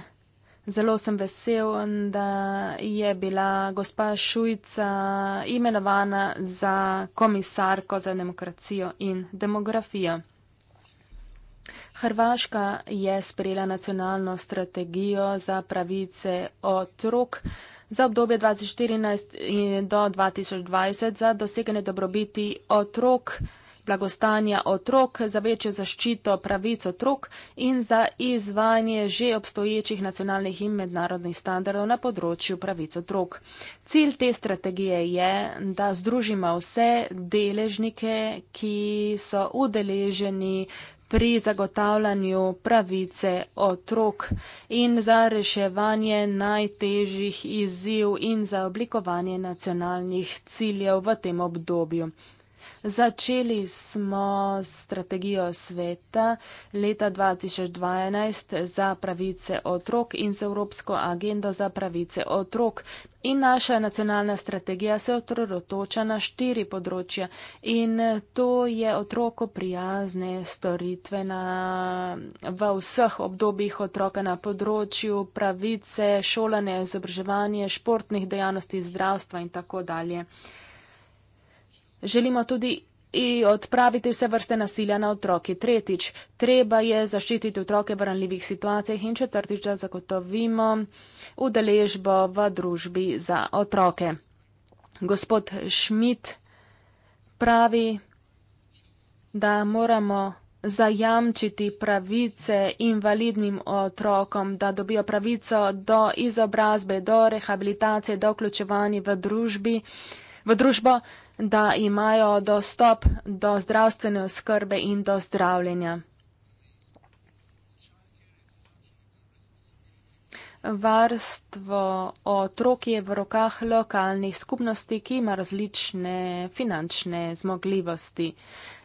Zelo sem vesel, da je bila gospa Šujca imenovana za komisarko za demokracijo in demografijo. Hrvaška je sprejela nacionalno strategijo za pravice otrok za obdobje 2014 do 2020 za doseganje dobrobiti otrok blagostanja otrok, za večjo zaščito pravic otrok in za izvajanje že obstoječih nacionalnih in mednarodnih standardov na področju pravic otrok. Cilj te strategije je, da združimo vse deležnike, ki so udeleženi pri zagotavljanju pravice otrok in za reševanje najtežjih izziv in za oblikovanje nacionalnih ciljev v tem obdobju. Začeli smo strategijo sveta leta 2012 za pravice otrok in z Evropsko agendo za pravice otrok. In naša nacionalna strategija se otroročoča na štiri področja in to je otroko prijazne storitve na, v vseh obdobjih otroka na področju pravice, šolanje, izobraževanje, športnih dejavnosti, zdravstva in tako dalje. Želimo tudi odpraviti vse vrste nasilja na otroki. Tretjič, treba je zaščititi otroke v ranljivih situacijah in četrtič, da zagotovimo udeležbo v družbi za otroke. Gospod Šmit pravi, da moramo zajamčiti pravice invalidnim otrokom, da dobijo pravico do izobrazbe, do rehabilitacije, do vključevanja v družbi, v družbo da imajo dostop do zdravstvene oskrbe in do zdravljenja. Varstvo otrok je v rokah lokalnih skupnosti, ki ima različne finančne zmogljivosti.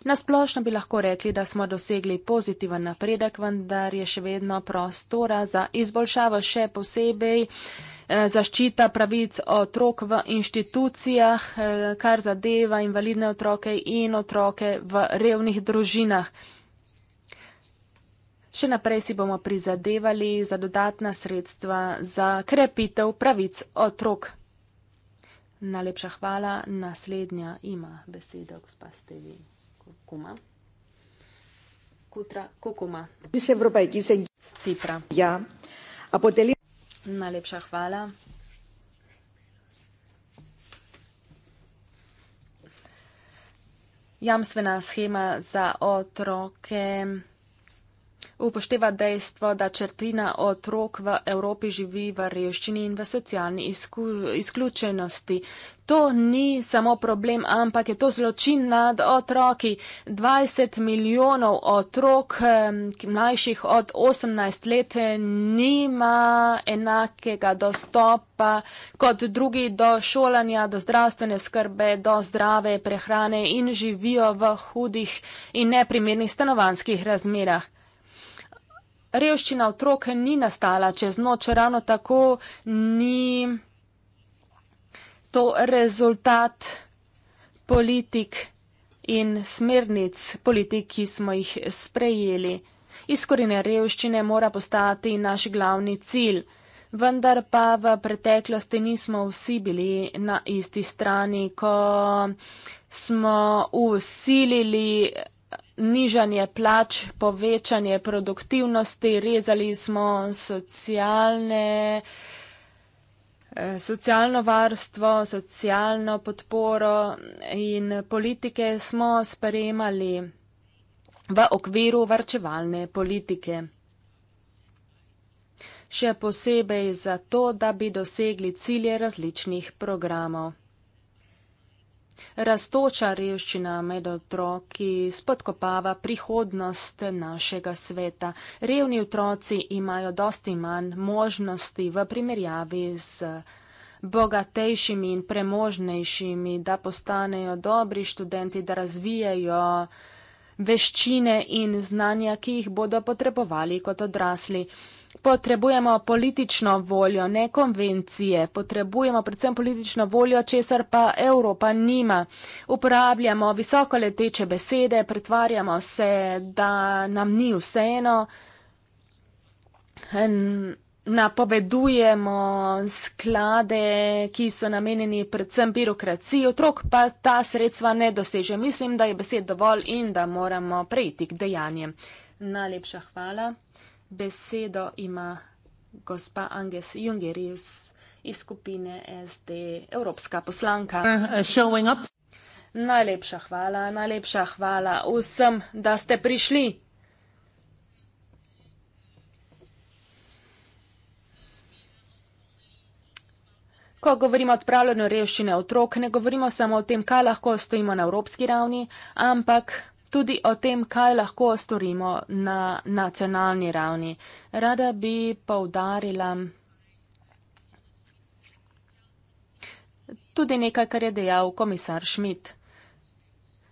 Nasplošno bi lahko rekli, da smo dosegli pozitiven napredek, vendar je še vedno prostora za izboljšavo, še posebej eh, zaščita pravic otrok v inštitucijah, eh, kar zadeva invalidne otroke in otroke v revnih družinah. Še naprej si bomo prizadevali za dodatna sredstva za krepitev pravic otrok. Najlepša hvala. Naslednja ima besedo gospa Stevin. Куркума. Кутра Кукума. Из Европы, из Цифра. Я. А потели... Налепша хвала. Jamstvena schema za otroke upošteva dejstvo, da četrtina otrok v Evropi živi v revščini in v socialni izključenosti. To ni samo problem, ampak je to zločin nad otroki. 20 milijonov otrok mlajših od 18 let nima enakega dostopa kot drugi do šolanja, do zdravstvene skrbe, do zdrave prehrane in živijo v hudih in neprimernih stanovanskih razmerah revščina otrok ni nastala čez noč, ravno tako ni to rezultat politik in smernic politik, ki smo jih sprejeli. Izkorine revščine mora postati naš glavni cilj, vendar pa v preteklosti nismo vsi bili na isti strani, ko smo usilili nižanje plač, povečanje produktivnosti, rezali smo socialne, eh, socialno varstvo, socialno podporo in politike smo sprejemali v okviru varčevalne politike. Še posebej zato, da bi dosegli cilje različnih programov. Rastoča revščina med otroki spodkopava prihodnost našega sveta. Revni otroci imajo dosti manj možnosti v primerjavi z bogatejšimi in premožnejšimi, da postanejo dobri študenti, da razvijajo veščine in znanja, ki jih bodo potrebovali kot odrasli. Potrebujemo politično voljo, ne konvencije, potrebujemo predvsem politično voljo, česar pa Evropa nima. Uporabljamo visoko leteče besede, pretvarjamo se, da nam ni vseeno, napovedujemo sklade, ki so namenjeni predvsem birokraciji, otrok pa ta sredstva ne doseže. Mislim, da je besed dovolj in da moramo prejti k dejanjem. Najlepša hvala besedo ima gospa Anges Jungerius iz skupine SD Evropska poslanka. Uh, uh, najlepša hvala, najlepša hvala vsem, da ste prišli. Ko govorimo o odpravljanju revščine otrok, ne govorimo samo o tem, kaj lahko stojimo na evropski ravni, ampak tudi o tem, kaj lahko storimo na nacionalni ravni. Rada bi povdarila tudi nekaj, kar je dejal komisar Schmidt.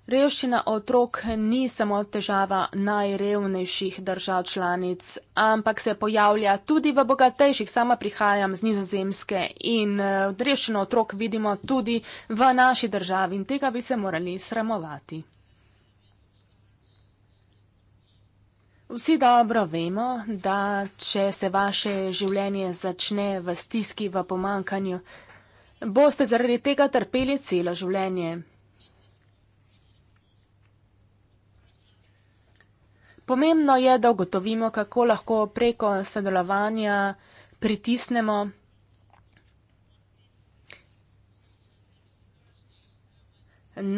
Revščina otrok ni samo težava najrevnejših držav članic, ampak se pojavlja tudi v bogatejših. Sama prihajam z nizozemske in eh, revščino otrok vidimo tudi v naši državi in tega bi se morali sramovati. Vsi dobro vemo, da če se vaše življenje začne v stiski, v pomankanju, boste zaradi tega trpeli celo življenje. Pomembno je, da ugotovimo, kako lahko preko sodelovanja pritisnemo.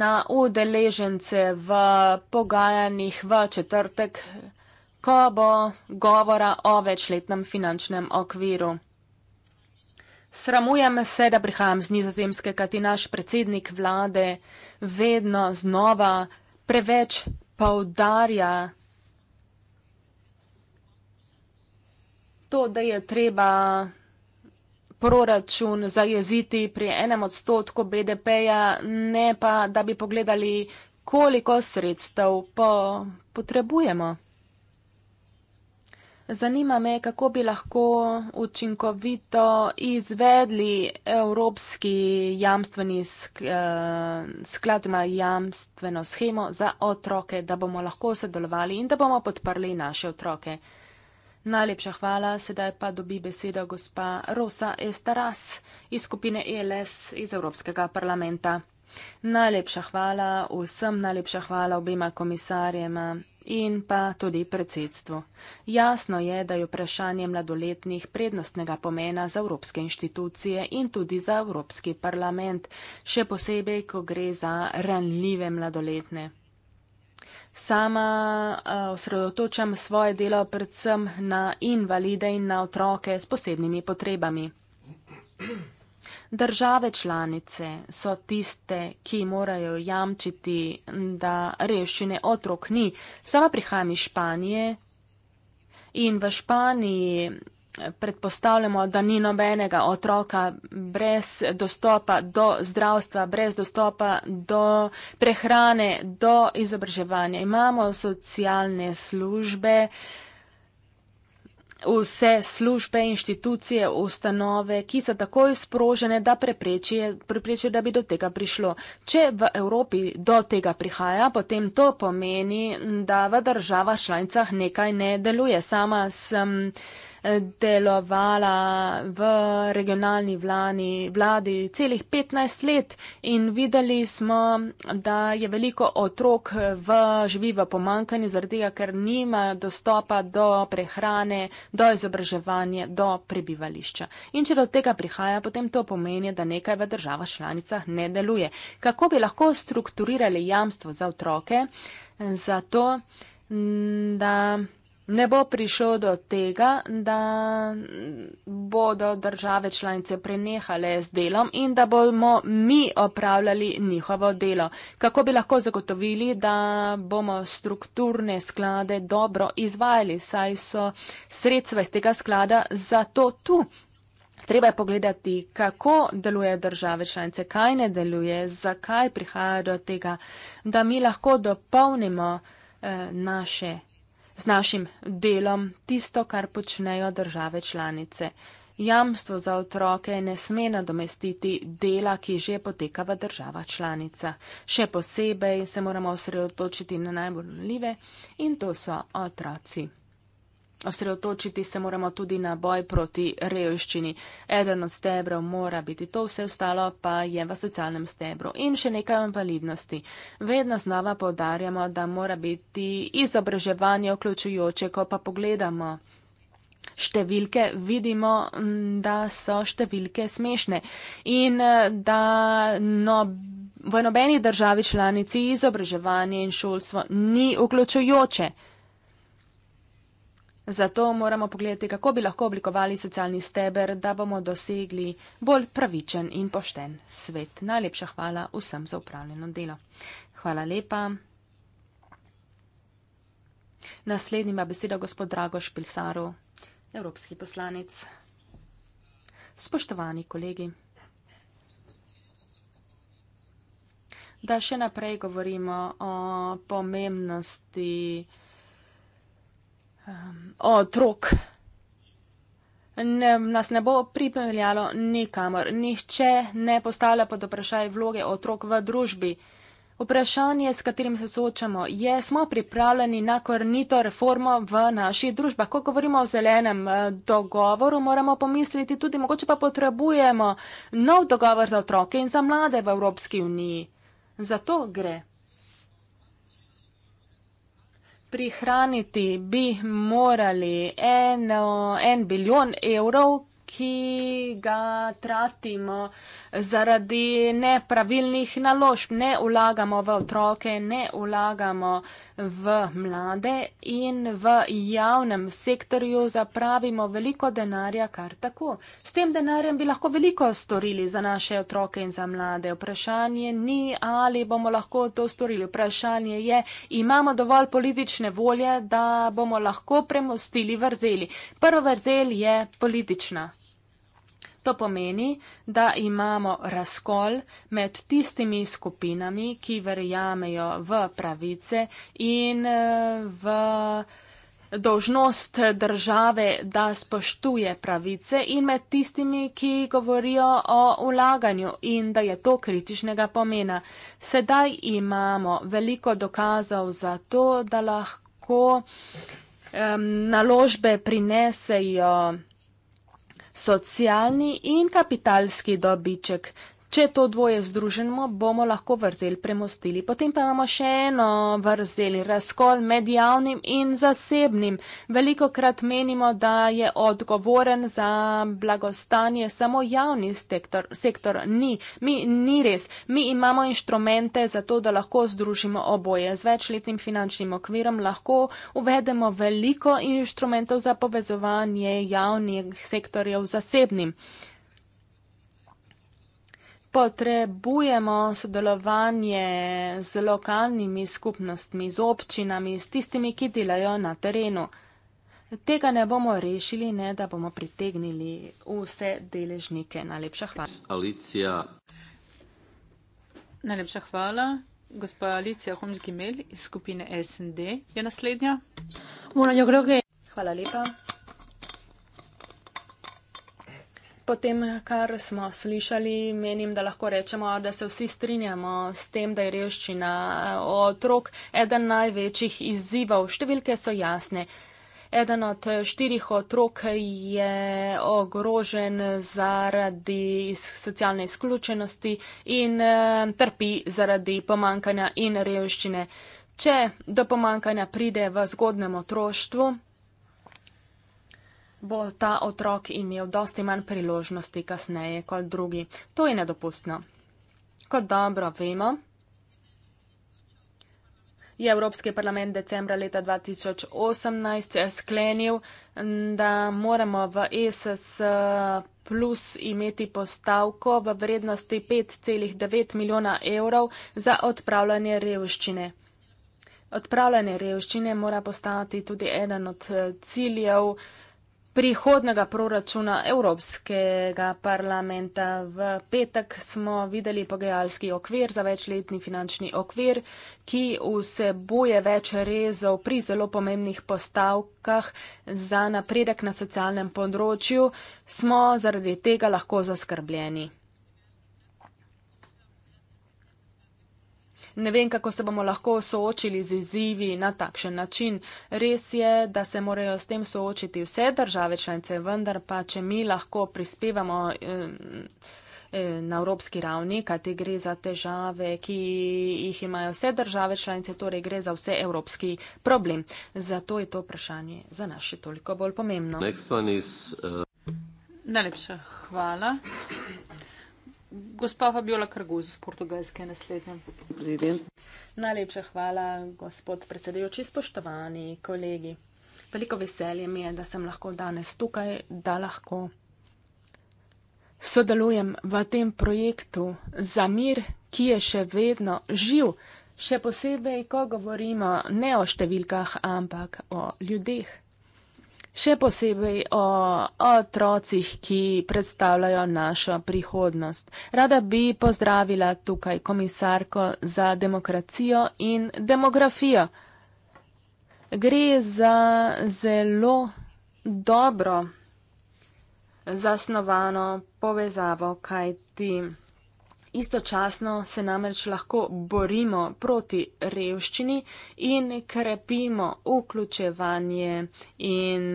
Na udeležence v pogajanjih v četrtek ko bo govora o večletnem finančnem okviru. Sramujem se, da prihajam z nizozemske, kajti naš predsednik vlade vedno znova preveč poudarja to, da je treba proračun zajeziti pri enem odstotku BDP-ja, ne pa, da bi pogledali, koliko sredstev po potrebujemo. Zanima me, kako bi lahko učinkovito izvedli Evropski jamstveni eh, sklad, ima jamstveno schemo za otroke, da bomo lahko sodelovali in da bomo podprli naše otroke. Najlepša hvala, sedaj pa dobi besedo gospa Rosa Estaras iz skupine ELS iz Evropskega parlamenta. Najlepša hvala vsem, najlepša hvala obima komisarjema in pa tudi predsedstvu. Jasno je, da je vprašanje mladoletnih prednostnega pomena za evropske inštitucije in tudi za Evropski parlament, še posebej, ko gre za ranljive mladoletne. Sama eh, osredotočam svoje delo predvsem na invalide in na otroke s posebnimi potrebami. Države članice so tiste, ki morajo jamčiti, da revščine otrok ni. Sama prihajam iz Španije in v Španiji eh, predpostavljamo, da ni nobenega otroka brez dostopa do zdravstva, brez dostopa do prehrane, do izobraževanja. Imamo socialne službe vse službe, inštitucije, ustanove, ki so takoj sprožene, da preprečijo, da bi do tega prišlo. Če v Evropi do tega prihaja, potem to pomeni, da v državah članicah nekaj ne deluje. Sama sem. Um, delovala v regionalni vlani, vladi celih 15 let in videli smo, da je veliko otrok v, živi v pomankanju, zaradi tega, ker nima dostopa do prehrane, do izobraževanja, do prebivališča. In če do tega prihaja, potem to pomeni, da nekaj v državah članicah ne deluje. Kako bi lahko strukturirali jamstvo za otroke? Zato, da ne bo prišlo do tega, da bodo države članice prenehale z delom in da bomo mi opravljali njihovo delo. Kako bi lahko zagotovili, da bomo strukturne sklade dobro izvajali, saj so sredstva iz tega sklada zato tu. Treba je pogledati, kako deluje države članice, kaj ne deluje, zakaj prihaja do tega, da mi lahko dopolnimo eh, naše z našim delom tisto, kar počnejo države članice. Jamstvo za otroke ne sme nadomestiti dela, ki že poteka v država članica. Še posebej se moramo osredotočiti na najbolj ljive in to so otroci osredotočiti se moramo tudi na boj proti revščini. Eden od stebrov mora biti to, vse ostalo pa je v socialnem stebru. In še nekaj o invalidnosti. Vedno znova povdarjamo, da mora biti izobraževanje vključujoče, ko pa pogledamo. Številke vidimo, da so številke smešne in e, da no, v nobeni državi članici izobraževanje in šolstvo ni vključujoče. Zato moramo pogledati, kako bi lahko oblikovali socialni steber, da bomo dosegli bolj pravičen in pošten svet. Najlepša hvala vsem za upravljeno delo. Hvala lepa. Naslednji ima besedo gospod Dragoš Pilsaru, evropski poslanec. Spoštovani kolegi. Da še naprej govorimo o pomembnosti um, otrok. Ne, nas ne bo pripeljalo nikamor. Nihče ne postavlja pod vprašaj vloge otrok v družbi. Vprašanje, s katerim se soočamo, je, smo pripravljeni na korenito reformo v naših družbah. Ko govorimo o zelenem eh, dogovoru, moramo pomisliti tudi, mogoče pa potrebujemo nov dogovor za otroke in za mlade v Evropski uniji. Za to gre prihraniti bi morali eno, en biljon evrov, ki ga tratimo zaradi nepravilnih naložb. Ne vlagamo v otroke, ne vlagamo uh, v mlade in v javnem sektorju zapravimo veliko denarja kar tako. S tem denarjem bi lahko veliko storili za naše otroke in za mlade. Vprašanje ni, ali bomo lahko to storili. Vprašanje je, imamo dovolj politične volje, da bomo lahko premostili vrzeli. Prva vrzel je politična. To pomeni, da imamo razkol med tistimi skupinami, ki verjamejo v pravice in eh, v dožnost države, da spoštuje pravice in med tistimi, ki govorijo o ulaganju in da je to kritičnega pomena. Sedaj imamo veliko dokazov za to, da lahko um, naložbe prinesejo socialni in kapitalski dobiček, Če to dvoje združimo, bomo lahko vrzel premostili. Potem pa imamo še eno vrzel, razkol med javnim in zasebnim. Veliko krat menimo, da je odgovoren za blagostanje samo javni sektor. sektor. Ni. Mi, ni res. Mi imamo inštrumente za to, da lahko združimo oboje. Z večletnim finančnim okvirom lahko uvedemo veliko inštrumentov za povezovanje javnih sektorjev z zasebnim. Potrebujemo sodelovanje z lokalnimi skupnostmi, z občinami, s tistimi, ki delajo na terenu. Tega ne bomo rešili, ne da bomo pritegnili vse deležnike. Najlepša hvala. Alicija. Najlepša hvala. Gospa Alicija Homsgimel iz skupine SND je naslednja. Hvala lepa. Potem, kar smo slišali, menim, da lahko rečemo, da se vsi strinjamo s tem, da je revščina eh, otrok eden največjih izzivov. Številke so jasne. Eden od eh, štirih otrok je ogrožen zaradi socialne izključenosti in eh, trpi zaradi pomankanja in revščine. Če do pomankanja pride v zgodnem otroštvu, bo ta otrok imel dosti manj priložnosti kasneje kot drugi. To je nedopustno. Kot dobro vemo, je Evropski parlament decembra leta 2018 sklenil, da moramo v ESS plus imeti postavko v vrednosti 5,9 milijona evrov za odpravljanje revščine. Odpravljanje revščine mora postati tudi eden od ciljev prihodnega proračuna Evropskega parlamenta. V petek smo videli pogajalski okvir za večletni finančni okvir, ki vseboje več rezov pri zelo pomembnih postavkah za napredek na socialnem področju. Smo zaradi tega lahko zaskrbljeni. ne vem, kako se bomo lahko soočili z izzivi na takšen način. Res je, da se morajo s tem soočiti vse države članice, vendar pa, če mi lahko prispevamo eh, eh, na evropski ravni, kajti gre za težave, ki jih imajo vse države članice, torej gre za vse evropski problem. Zato je to vprašanje za naše toliko bolj pomembno. Is, uh... Najlepša hvala. Gospa Fabiola Krguz iz Portugalske, naslednja. Najlepša hvala, gospod predsedujoči, spoštovani kolegi. Veliko veselje mi je, da sem lahko danes tukaj, da lahko sodelujem v tem projektu za mir, ki je še vedno živ, še posebej, ko govorimo ne o številkah, ampak o ljudeh še posebej o otrocih, ki predstavljajo našo prihodnost. Rada bi pozdravila tukaj komisarko za demokracijo in demografijo. Gre za zelo dobro zasnovano povezavo, kaj ti. Istočasno se namreč lahko borimo proti revščini in krepimo vključevanje in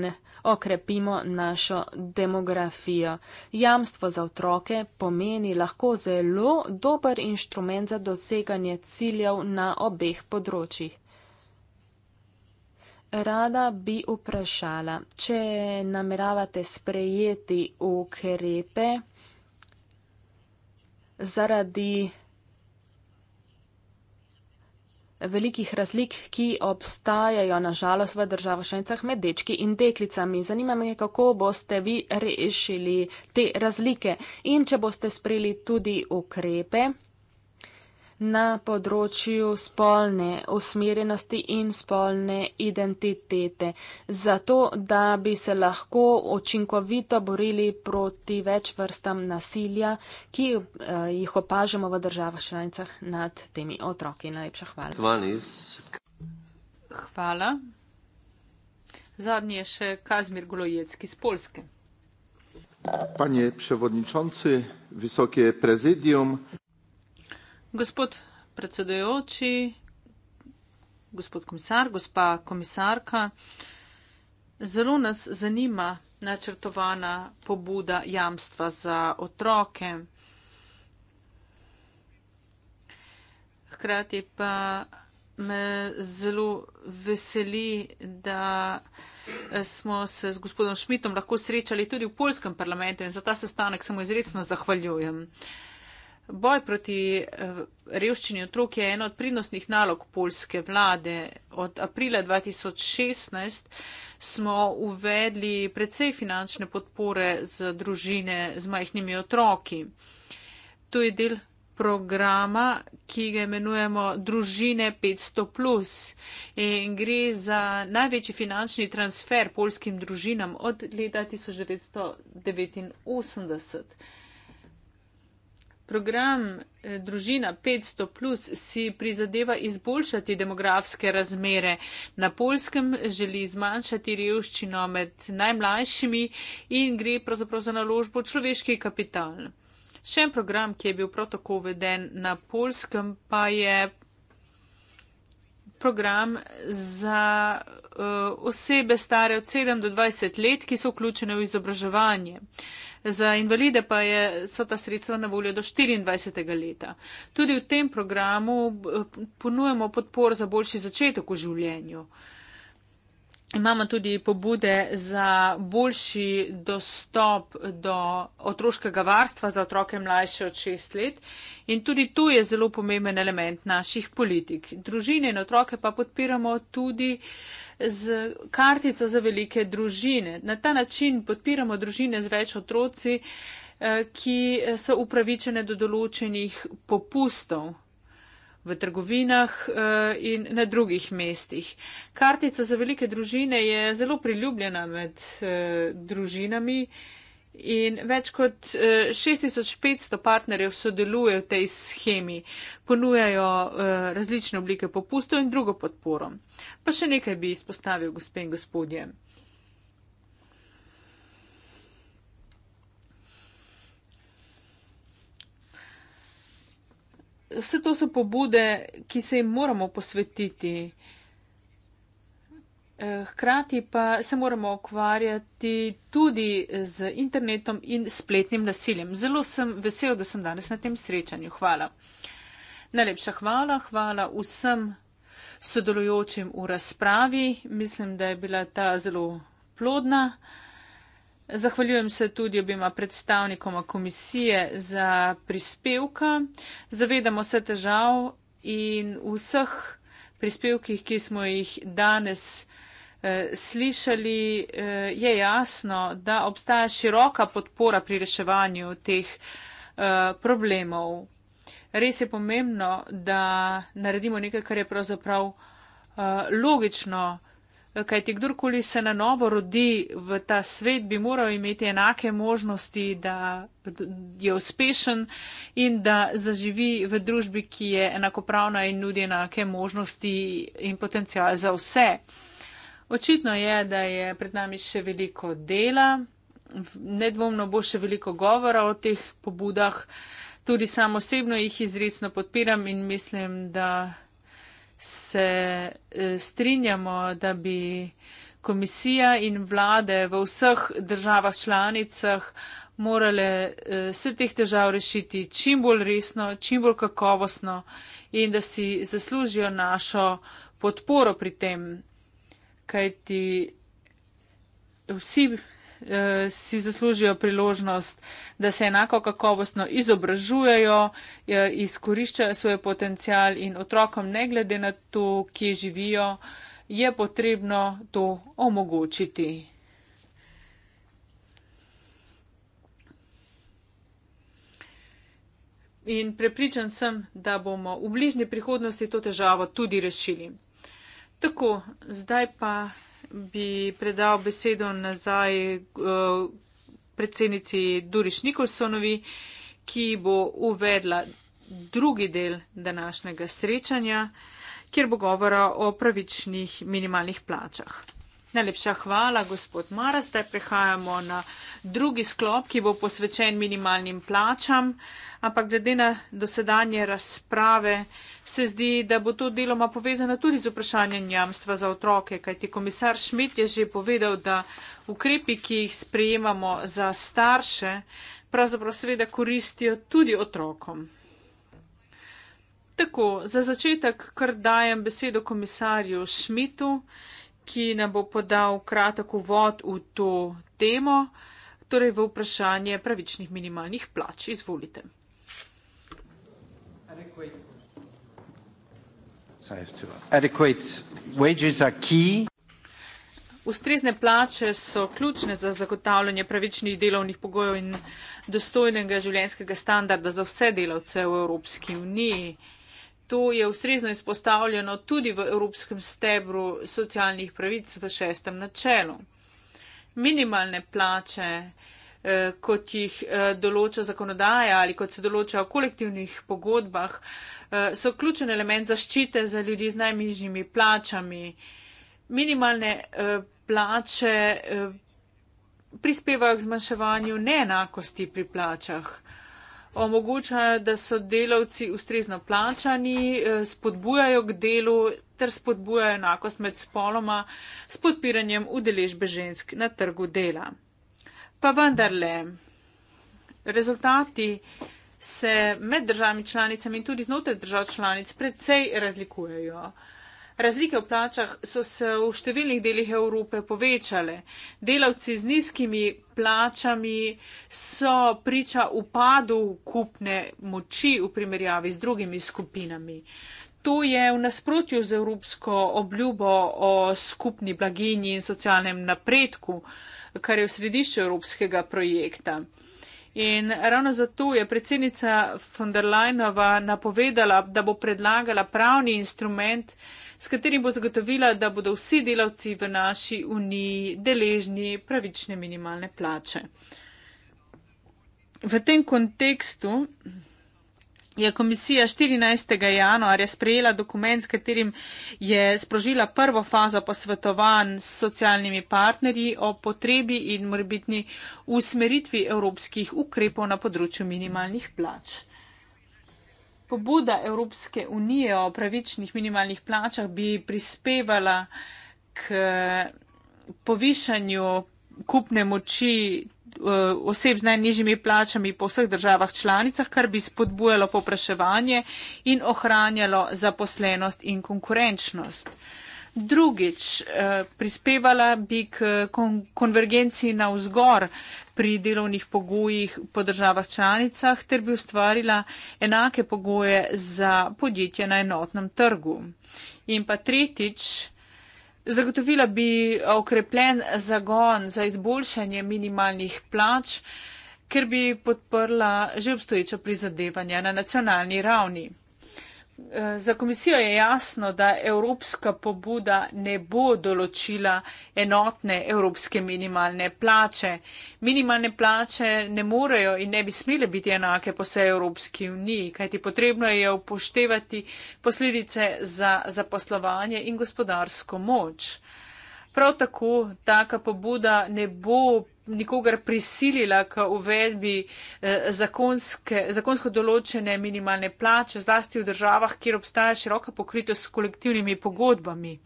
okrepimo našo demografijo. Jamstvo za otroke pomeni lahko zelo dober inštrument za doseganje ciljev na obeh področjih. Rada bi vprašala, če nameravate sprejeti ukrepe, zaradi velikih razlik, ki obstajajo na žalost v državah šencah med dečki in deklicami. Zanima me, kako boste vi rešili te razlike in če boste sprejeli tudi ukrepe na področju spolne usmerjenosti in spolne identitete, zato da bi se lahko očinkovito borili proti več vrstam nasilja, ki uh, jih opažamo v državah članicah nad temi otroki. Najlepša hvala. Hvala. Zadnji je še Kazmir Golojecki z Polske. Panie przewodniczący, wysokie prezydium. Gospod predsedojoči, gospod komisar, gospa komisarka, zelo nas zanima načrtovana pobuda jamstva za otroke. Hkrati pa me zelo veseli, da smo se z gospodom Šmitom lahko srečali tudi v polskem parlamentu in za ta sestanek se mu izredno zahvaljujem. Uh, Boj proti eh, revščini otrok je ena od prinosnih nalog polske vlade. Od aprila 2016 smo uvedli precej finančne podpore za družine z majhnimi otroki. To je del programa, ki ga imenujemo Družine 500+. In gre za največji finančni transfer polskim družinam od leta 1989. Program eh, Družina 500 plus si prizadeva izboljšati demografske razmere. Na polskem želi zmanjšati revščino med najmlajšimi in gre pravzaprav za naložbo človeški kapital. Še en program, ki je bil prav tako uveden na polskem, pa je program za uh, osebe stare od 7 do 20 let, ki so vključene v izobraževanje za invalide pa je, so ta sredstva na voljo do 24. leta. Tudi v tem programu eh, ponujemo podpor za boljši začetek v življenju. Imamo tudi pobude za boljši dostop do otroškega varstva za otroke mlajše od 6 let in tudi tu je zelo pomemben element naših politik. Družine in otroke pa podpiramo tudi uh, z kartico za velike družine. Na ta način podpiramo družine z več otroci, eh, ki so upravičene do določenih popustov v trgovinah eh, in na drugih mestih. Kartica za velike družine je zelo priljubljena med eh, družinami, in več kot 6500 eh, partnerjev sodeluje v tej schemi, ponujajo eh, različne oblike popustov in drugo podporo. Pa še nekaj bi izpostavil, gospe in gospodje. Vse to so pobude, ki se jim moramo posvetiti. Eh, hkrati pa se moramo ukvarjati tudi z internetom in spletnim nasiljem. Zelo sem vesel, da sem danes na tem srečanju. Hvala. Najlepša hvala. Hvala vsem sodelujočim v razpravi. Mislim, da je bila ta zelo plodna. Zahvaljujem se tudi obima predstavnikoma komisije za prispevka. Zavedamo se težav in vseh prispevkih, ki smo jih danes. Eh, slišali, eh, je jasno, da obstaja široka podpora pri reševanju teh eh, problemov. Res je pomembno, da naredimo nekaj, kar je pravzaprav logično, kajti kdorkoli se na novo rodi v ta svet, bi moral imeti enake možnosti, da je uspešen in da zaživi v družbi, ki je enakopravna in nudi enake možnosti in potencial za vse. Očitno je, da je pred nami še veliko dela, nedvomno bo še veliko govora o teh pobudah. Tudi sam osebno jih izredno podpiram in mislim, da se e, strinjamo, da bi komisija in vlade v vseh državah članicah morale e, se teh težav rešiti čim bolj resno, čim bolj kakovostno in da si zaslužijo našo podporo pri tem kaj ti vsi eh, si zaslužijo priložnost, da se enako kakovostno izobražujejo, eh, izkoriščajo svoj potencial in otrokom, ne glede na to, kje živijo, je potrebno to omogočiti. In prepričan sem, da bomo v bližnji prihodnosti to težavo tudi rešili. Tako, zdaj pa bi predal besedo nazaj uh, predsednici Duriš Nikolsonovi, ki bo uvedla drugi del današnjega srečanja, kjer bo govora o pravičnih minimalnih plačah. Najlepša hvala, gospod Mara. Zdaj prehajamo na drugi sklop, ki bo posvečen minimalnim plačam, ampak glede na dosedanje razprave se zdi, da bo to deloma povezano tudi z vprašanjem jamstva za otroke, kajti komisar Šmit je že povedal, da ukrepi, ki jih sprejemamo za starše, pravzaprav seveda koristijo tudi otrokom. Tako, za začetek kar dajem besedo komisarju Šmitu ki nam bo podal kratek uvod v to temo, torej v vprašanje pravičnih minimalnih plač. Izvolite. Ustrezne plače so ključne za zagotavljanje pravičnih delovnih pogojev in dostojnega življenjskega standarda za vse delavce v Evropski uniji. To je ustrezno izpostavljeno tudi v evropskem stebru socialnih pravic v šestem načelu. Minimalne plače, eh, kot jih eh, določa zakonodaja ali kot se določa v kolektivnih pogodbah, eh, so ključen element zaščite za ljudi z najnižjimi plačami. Minimalne plače prispevajo k zmanjševanju neenakosti pri plačah omogočajo, da so delavci ustrezno plačani, eh, spodbujajo k delu ter spodbujajo enakost med spoloma s podpiranjem udeležbe žensk na trgu dela. Pa vendarle, rezultati se med državami članicami in tudi znotraj držav članic predvsej razlikujejo. Razlike v plačah so se v številnih delih Evrope povečale. Delavci z nizkimi plačami so priča upadu kupne moči v primerjavi z drugimi skupinami. To je v nasprotju z evropsko obljubo o skupni blaginji in socialnem napredku, kar je v središču evropskega projekta. In ravno zato je predsednica von der Leinova napovedala, da bo predlagala pravni instrument, s katerim bo zagotovila, da bodo vsi delavci v naši uniji deležni pravične minimalne plače. V tem kontekstu Je komisija 14. januarja sprejela dokument, s katerim je sprožila prvo fazo posvetovanj s socialnimi partnerji o potrebi in morbitni usmeritvi evropskih ukrepov na področju minimalnih plač. Pobuda Evropske unije o pravičnih minimalnih plačah bi prispevala k povišanju kupne moči Eh, oseb z najnižjimi plačami po vseh državah članicah, kar bi spodbujalo popraševanje in ohranjalo zaposlenost in konkurenčnost. Drugič, eh, prispevala bi k konvergenciji na vzgor pri delovnih pogojih po državah članicah, ter bi ustvarila enake pogoje za podjetje na enotnem trgu. In pa tretjič, Zagotovila bi okrepljen zagon za izboljšanje minimalnih plač, ker bi podprla že obstoječa prizadevanja na nacionalni ravni. Za komisijo je jasno, da evropska pobuda ne bo določila enotne evropske minimalne plače. Minimalne plače ne morejo in ne bi smele biti enake po vsej Evropski uniji, kajti potrebno je upoštevati posledice za zaposlovanje in gospodarsko moč. Prav tako taka pobuda ne bo nikogar prisilila k uvedbi eh, zakonsko določene minimalne plače, zlasti v državah, kjer obstaja široka pokritost s kolektivnimi pogodbami.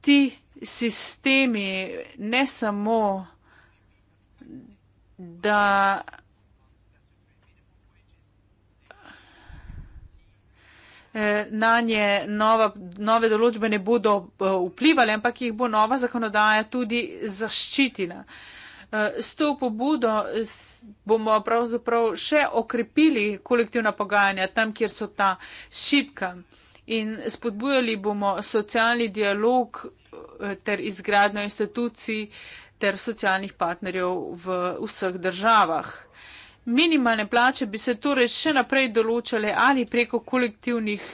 Ti sistemi ne samo, da Eh, na nje nova, nove določbe ne bodo eh, vplivali, ampak jih bo nova zakonodaja tudi zaščitila. Eh, s to pobudo bomo pravzaprav še okrepili kolektivna pogajanja tam, kjer so ta šipka in spodbujali bomo socialni dialog ter izgradno institucij ter socialnih partnerjev v vseh državah. Minimalne plače bi se torej še naprej določale ali preko kolektivnih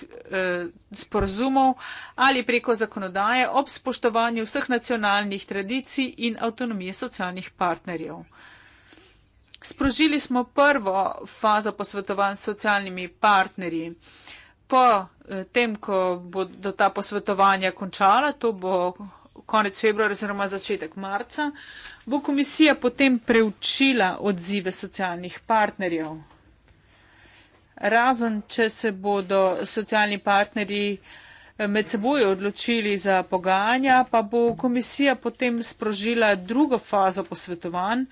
eh, sporazumov ali preko zakonodaje ob spoštovanju vseh nacionalnih tradicij in avtonomije socialnih partnerjev. Sprožili smo prvo fazo posvetovanj s socialnimi partnerji. Po eh, tem, ko bodo ta posvetovanja končala, to bo konec februarja oziroma začetek marca, bo komisija potem preučila odzive socialnih partnerjev. Razen, če se bodo socialni partnerji eh, med seboj odločili za pogajanja, pa bo komisija potem sprožila drugo fazo posvetovanj, eh,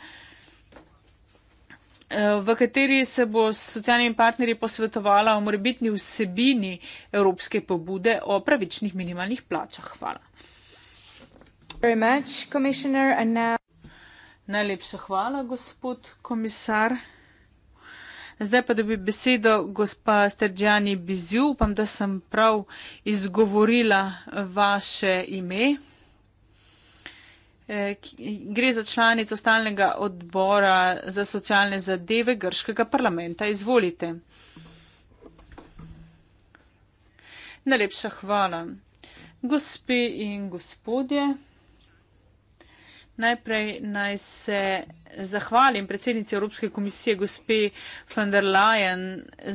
v kateri se bo s socialnimi partnerji posvetovala o morebitni vsebini evropske pobude o pravičnih minimalnih plačah. Hvala very much, Commissioner, and now... Najlepša hvala, gospod komisar. Zdaj pa dobi besedo gospa Sterđani Biziu. Upam, da sem prav izgovorila vaše ime. Eh, gre za članico stalnega odbora za socialne zadeve Grškega parlamenta. Izvolite. Najlepša hvala. Gospe in gospodje, Najprej naj se zahvalim predsednici Evropske komisije gospe von der Leyen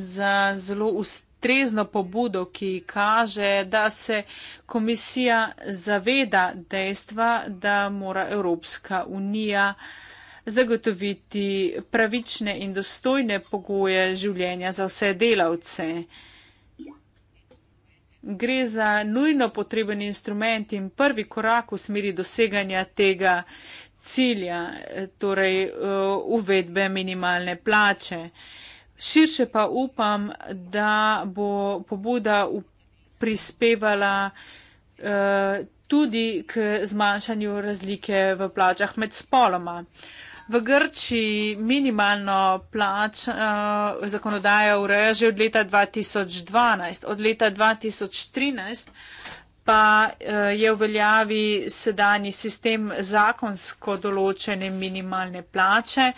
za zelo ustrezno pobudo, ki kaže, da se komisija zaveda dejstva, da mora Evropska unija zagotoviti pravične in dostojne pogoje življenja za vse delavce gre za nujno potreben instrument in prvi korak v smeri doseganja tega cilja, eh, torej eh, uvedbe minimalne plače. Širše pa upam, da bo pobuda prispevala eh, tudi k zmanjšanju razlike v plačah med spoloma. V Grčiji minimalno plač uh, zakonodaja ureja že od leta 2012. Od leta 2013 pa uh, je v veljavi sedanji sistem zakonsko določene minimalne plače,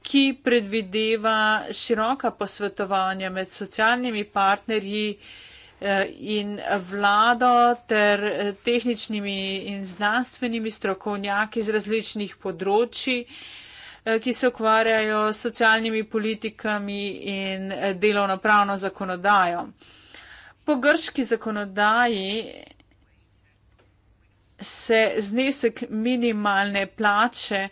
ki predvideva široka posvetovanja med socialnimi partnerji eh, in vlado ter tehničnimi in znanstvenimi strokovnjaki z različnih področji, uh, Eh, ki se ukvarjajo s socialnimi politikami in eh, delovnopravno zakonodajo. Po grški zakonodaji se znesek minimalne plače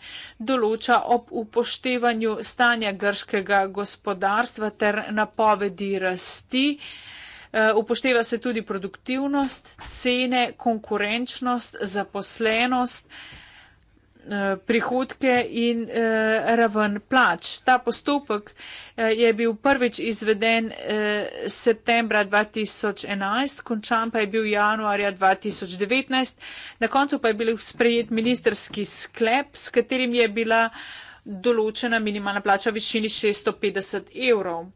določa ob upoštevanju stanja grškega gospodarstva ter napovedi rasti. Eh, upošteva se tudi produktivnost, cene, konkurenčnost, zaposlenost. Eh, prihodke in eh, raven plač. Ta postopek eh, je bil prvič izveden eh, septembra 2011, končan pa je bil januarja 2019. Na koncu pa je bil sprejet ministerski sklep, s katerim je bila določena minimalna plača v višini 650 evrov.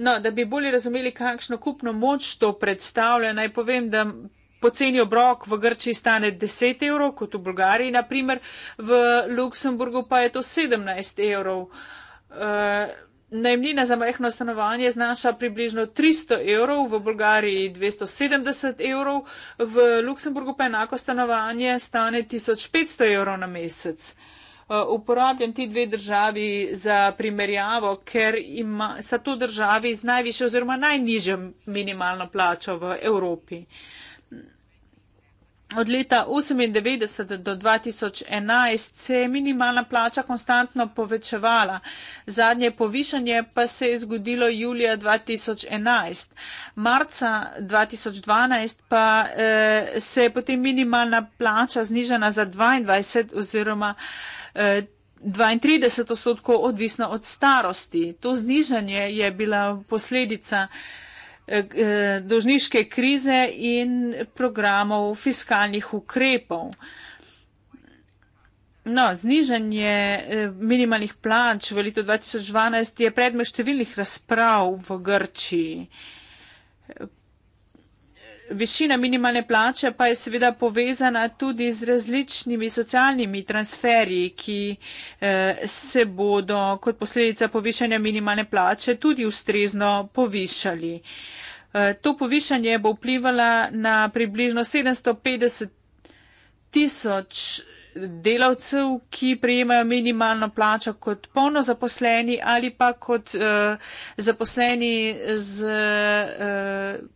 No, da bi bolje razumeli, kakšno kupno moč to predstavlja, naj povem, da poceni obrok v Grčiji stane 10 evrov, kot v Bulgariji, naprimer, v Luksemburgu pa je to 17 evrov. E, najemnina za majhno stanovanje znaša približno 300 evrov, v Bulgariji 270 evrov, v Luksemburgu pa enako stanovanje stane 1500 evrov na mesec. Eh, uporabljam ti dve državi za primerjavo, ker ima, so to državi z najvišjo oziroma najnižjo minimalno plačo v Evropi. Uh, Od leta 1998 do 2011 se je minimalna plača konstantno povečevala, zadnje povišanje pa se je zgodilo julija 2011. Marca 2012 pa eh, se je potem minimalna plača znižana za 22 oziroma eh, 32 odstotkov odvisno od starosti. To znižanje je bila posledica eh, Eh, eh, dožniške krize in programov fiskalnih ukrepov. No, znižanje eh, minimalnih plač v letu 2012 je predmet številnih razprav v Grčiji. Višina minimalne plače pa je seveda povezana tudi z različnimi socialnimi transferji, ki eh, se bodo kot posledica povišanja minimalne plače tudi ustrezno povišali. Eh, to povišanje bo vplivalo na približno 750 tisoč delavcev, ki prejemajo minimalno plačo kot polno zaposleni ali pa kot uh, zaposleni z. Uh,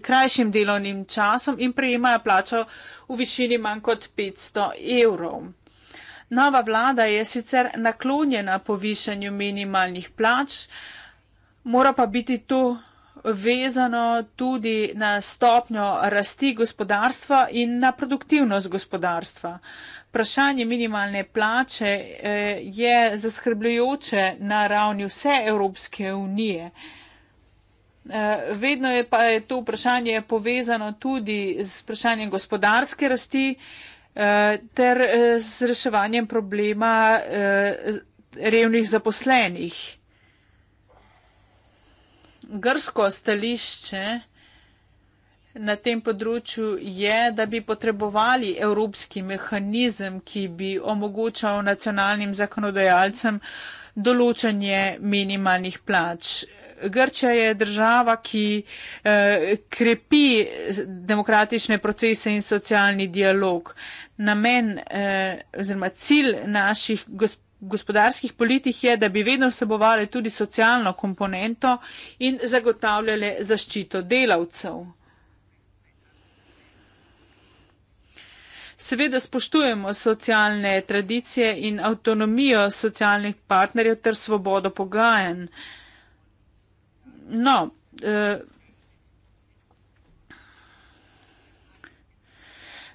krajšim delovnim časom in prejemajo plačo v višini manj kot 500 evrov. Nova vlada je sicer naklonjena povišanju minimalnih plač, mora pa biti to vezano tudi na stopnjo rasti gospodarstva in na produktivnost gospodarstva. Vprašanje minimalne plače eh, je zaskrbljujoče na ravni vse Evropske unije. Eh, vedno je pa je to vprašanje povezano tudi z vprašanjem gospodarske rasti eh, ter eh, z reševanjem problema revnih zaposlenih. Grsko stališče na tem področju je, da bi potrebovali evropski mehanizem, ki bi omogočal nacionalnim zakonodajalcem določanje minimalnih plač. Grčija je država, ki eh, krepi demokratične procese in socialni dialog. Namen eh, oziroma cilj naših gospodarstv gospodarskih politik je, da bi vedno vsebovali tudi socialno komponento in zagotavljali zaščito delavcev. Seveda spoštujemo socialne tradicije in avtonomijo socialnih partnerjev ter svobodo pogajanj no. Eh,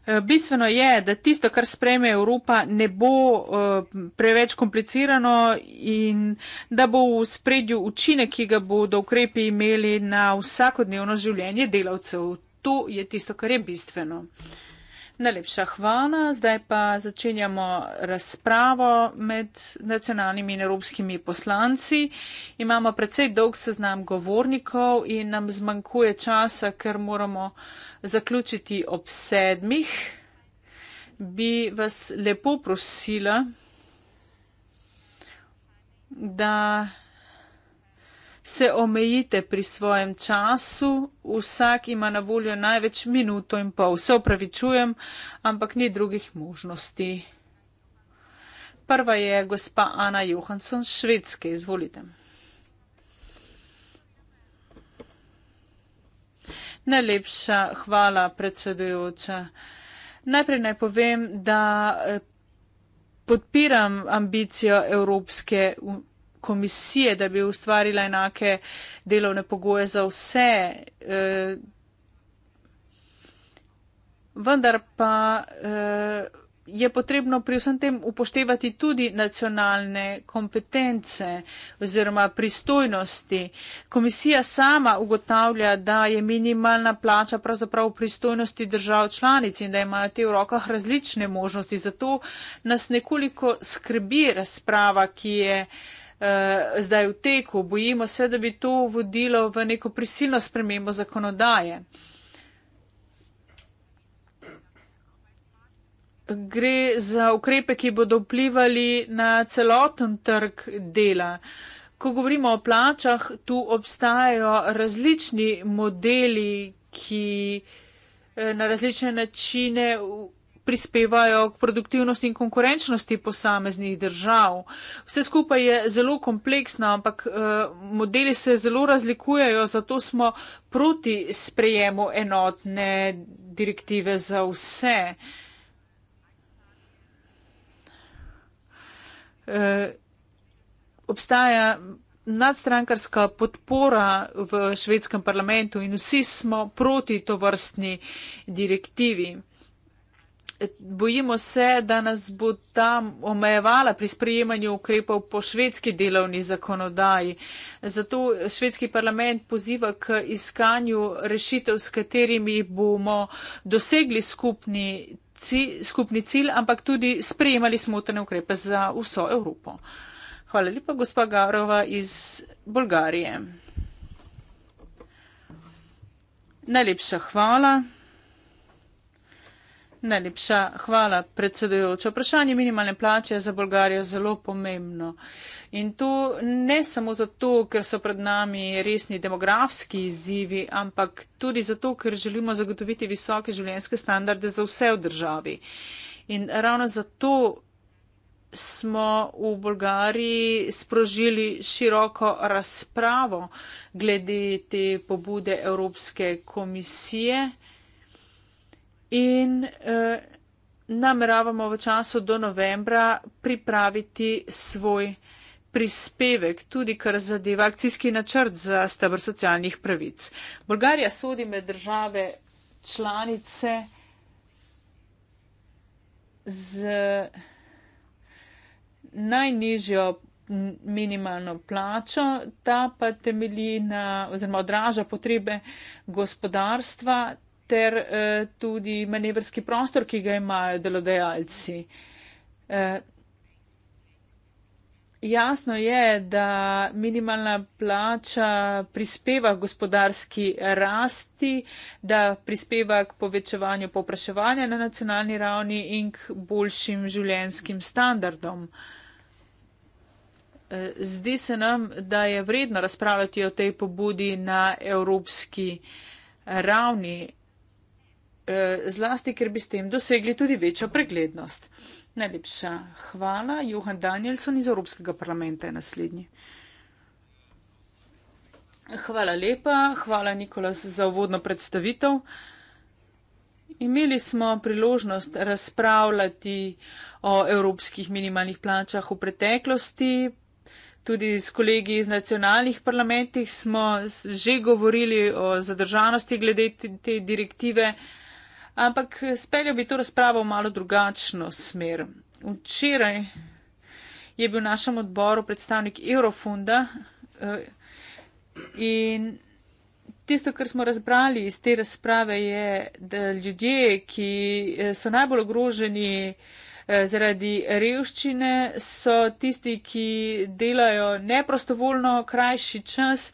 eh, bistveno je, da tisto, kar spreme Evropa, ne bo uh, preveč komplicirano in da bo v spredju učinek, ki ga bodo ukrepi imeli na vsakodnevno življenje delavcev. To je tisto, kar je bistveno. Uh, Najlepša hvala. Zdaj pa začenjamo razpravo med nacionalnimi in evropskimi poslanci. Imamo precej dolg seznam govornikov in nam zmanjkuje časa, ker moramo zaključiti ob sedmih. Bi vas lepo prosila, da se omejite pri svojem času, vsak ima na voljo največ minuto in pol. Se upravičujem, ampak ni drugih možnosti. Prva je gospa Ana Johansson, švedske, izvolite. Najlepša hvala, predsedujoča. Najprej naj povem, da eh, podpiram ambicijo Evropske unije komisije, da bi ustvarila enake delovne pogoje za vse. Eh, vendar pa eh, je potrebno pri vsem tem upoštevati tudi nacionalne kompetence oziroma pristojnosti. Komisija sama ugotavlja, da je minimalna plača pravzaprav v pristojnosti držav članic in da imajo te v rokah različne možnosti. Zato nas nekoliko skrbi razprava, ki je eh, uh, zdaj v teku. Bojimo se, da bi to vodilo v neko prisilno spremembo zakonodaje. Gre za ukrepe, ki bodo vplivali na celoten trg dela. Ko govorimo o plačah, tu obstajajo različni modeli, ki eh, na različne načine prispevajo k produktivnosti in konkurenčnosti posameznih držav. Vse skupaj je zelo kompleksno, ampak eh, modeli se zelo razlikujejo, zato smo proti sprejemu enotne direktive za vse. Eh, obstaja nadstrankarska podpora v švedskem parlamentu in vsi smo proti to vrstni direktivi. Bojimo se, da nas bo tam omejevala pri sprejemanju ukrepov po švedski delovni zakonodaji. Zato švedski parlament poziva k iskanju rešitev, s katerimi bomo dosegli skupni, skupni cilj, ampak tudi sprejemali smotene ukrepe za vso Evropo. Hvala lepa, gospa Garova iz Bolgarije. Najlepša hvala. Najlepša hvala, predsedujoča. Vprašanje minimalne plače je za Bolgarijo zelo pomembno. In to ne samo zato, ker so pred nami resni demografski izzivi, ampak tudi zato, ker želimo zagotoviti visoke življenjske standarde za vse v državi. In ravno zato smo v Bolgariji sprožili široko razpravo glede te pobude Evropske komisije in eh, nameravamo v času do novembra pripraviti svoj prispevek, tudi kar zadeva akcijski načrt za stebr socialnih pravic. Bolgarija sodi med države članice z najnižjo minimalno plačo, ta pa temelji na oziroma odraža potrebe gospodarstva, ter eh, tudi manevrski prostor, ki ga imajo delodajalci. Eh, jasno je, da minimalna plača prispeva k gospodarski rasti, da prispeva k povečevanju popraševanja na nacionalni ravni in k boljšim življenskim standardom. Eh, zdi se nam, da je vredno razpravljati o tej pobudi na evropski ravni, Eh, zlasti, ker bi s tem dosegli tudi večjo preglednost. Najlepša hvala. Johan Danielson iz Evropskega parlamenta je naslednji. Hvala lepa, hvala Nikolas za uvodno predstavitev. Imeli smo priložnost razpravljati o evropskih minimalnih plačah v preteklosti. Tudi s kolegi iz nacionalnih parlamentih smo že govorili o zadržanosti glede te direktive. Ampak speljal bi to razpravo v malo drugačno smer. Včeraj je bil v našem odboru predstavnik Eurofunda eh, in tisto, kar smo razbrali iz te razprave, je, da ljudje, ki eh, so najbolj ogroženi, Eh, zaradi revščine so tisti, ki delajo neprostovoljno krajši čas,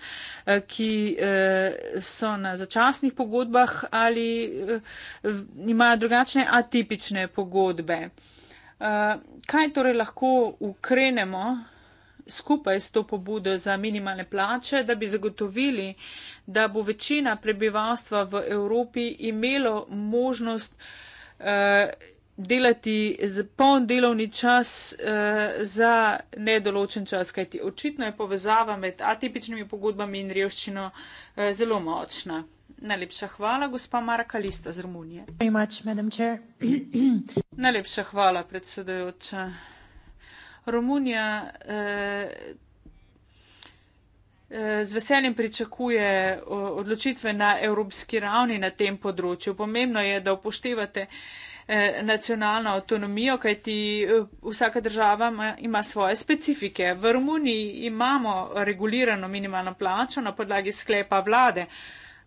eh, ki eh, so na začasnih pogodbah ali imajo drugačne atipične pogodbe. Kaj torej lahko ukrenemo? skupaj s to pobudo za minimalne plače, da bi zagotovili, da bo večina prebivalstva v Evropi imelo možnost eh, delati z poln delovni čas uh, za nedoločen čas, kajti očitno je povezava med atipičnimi pogodbami in revščino uh, zelo močna. Najlepša hvala, gospa Mara Kalista z Romunije. [clears throat] Najlepša hvala, predsedajoča. Romunija eh, eh, z veseljem pričakuje odločitve na evropski ravni na tem področju. Pomembno je, da upoštevate eh, Eh, nacionalno avtonomijo, kajti eh, vsaka država ima svoje specifike. V Romuniji imamo regulirano minimalno plačo na podlagi sklepa vlade,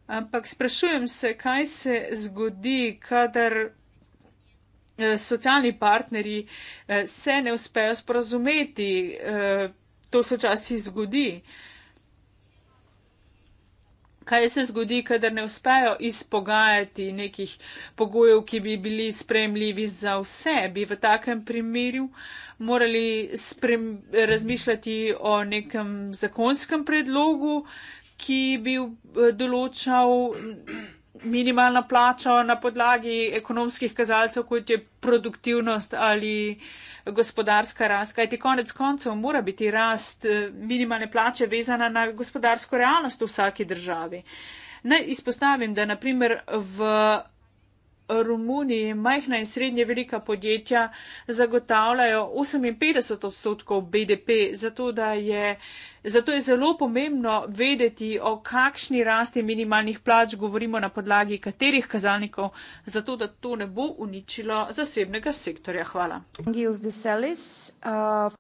ampak sprašujem se, kaj se zgodi, kadar eh, socialni partnerji se ne uspejo sporazumeti. To se včasih zgodi kaj se zgodi, kadar ne uspejo izpogajati nekih pogojev, ki bi bili spremljivi za vse, bi v takem primeru morali sprem, razmišljati o nekem zakonskem predlogu, ki bi eh, določal minimalno plačo na podlagi ekonomskih kazalcev, kot je produktivnost ali gospodarska rast. Kaj ti konec koncev mora biti rast eh, minimalne plače vezana na gospodarsko realnost v vsaki državi. Naj izpostavim, da naprimer v Romuniji majhna in srednje velika podjetja zagotavljajo 58 odstotkov BDP, zato, je, zato je zelo pomembno vedeti, o kakšni rasti minimalnih plač govorimo na podlagi katerih kazalnikov, zato da to ne bo uničilo zasebnega sektorja. Hvala. Uh,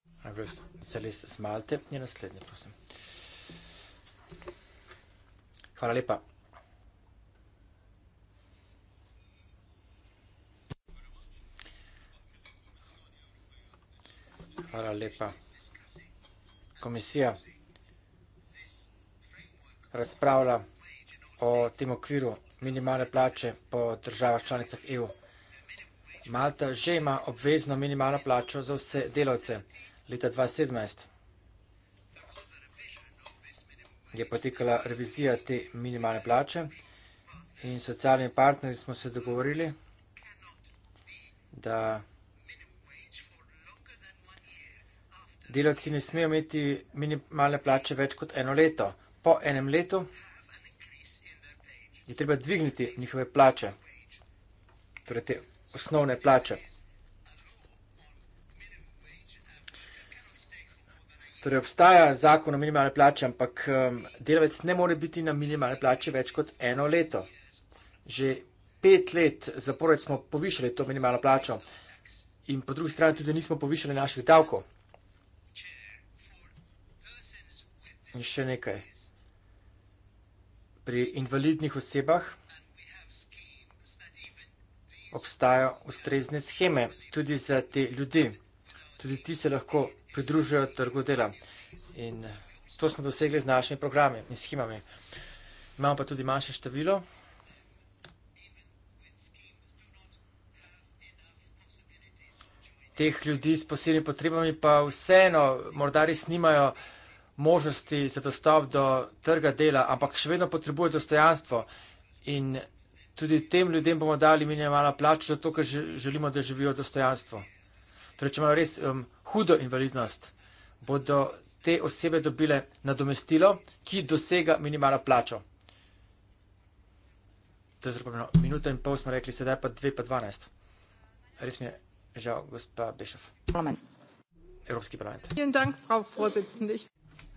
Hvala lepa. Hvala lepa. Komisija razpravlja o tem okviru minimalne plače po državah članicah EU. Malta že ima obvezno minimalno plačo za vse delavce. Leta 2017 je potekala revizija te minimalne plače in socialni partneri smo se dogovorili, da je delavci ne smejo imeti minimalne plače več kot eno leto. Po enem letu je treba dvigniti njihove plače, torej te osnovne plače. Torej obstaja zakon o minimalne plače, ampak um, delavec ne more biti na minimalne plače več kot eno leto. Že pet let zapored smo povišali to minimalno plačo in po drugi strani tudi nismo povišali naših davkov. In še nekaj. Pri invalidnih osebah obstajajo ustrezne scheme tudi za te ljudi. Tudi ti se lahko pridružijo trgu dela. In to smo dosegli z našimi programi in schemami. Imamo pa tudi manjše število. Teh ljudi s posebnimi potrebami pa vseeno morda res nimajo možnosti za dostop do trga dela, ampak še vedno potrebuje dostojanstvo. In tudi tem ljudem bomo dali minimalno plačo, zato ker želimo, da živijo dostojanstvo. Torej, če imajo res um, hudo invalidnost, bodo te osebe dobile nadomestilo, ki dosega minimalno plačo. To je zelo pomembno. Minuto in pol smo rekli, sedaj pa dve, pa dvanajst. Res mi je žal, gospa Bešov. Amen. Evropski parlament.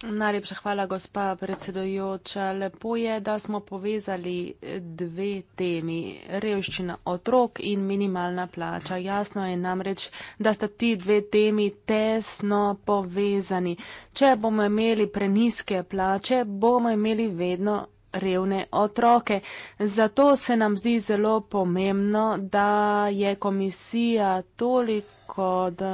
Najlepša hvala, gospa predsedojoča. Lepo je, da smo povezali dve temi. Revščina otrok in minimalna plača. Jasno je namreč, da sta ti dve temi tesno povezani. Če bomo imeli preniske plače, bomo imeli vedno revne otroke. Zato se nam zdi zelo pomembno, da je komisija toliko, da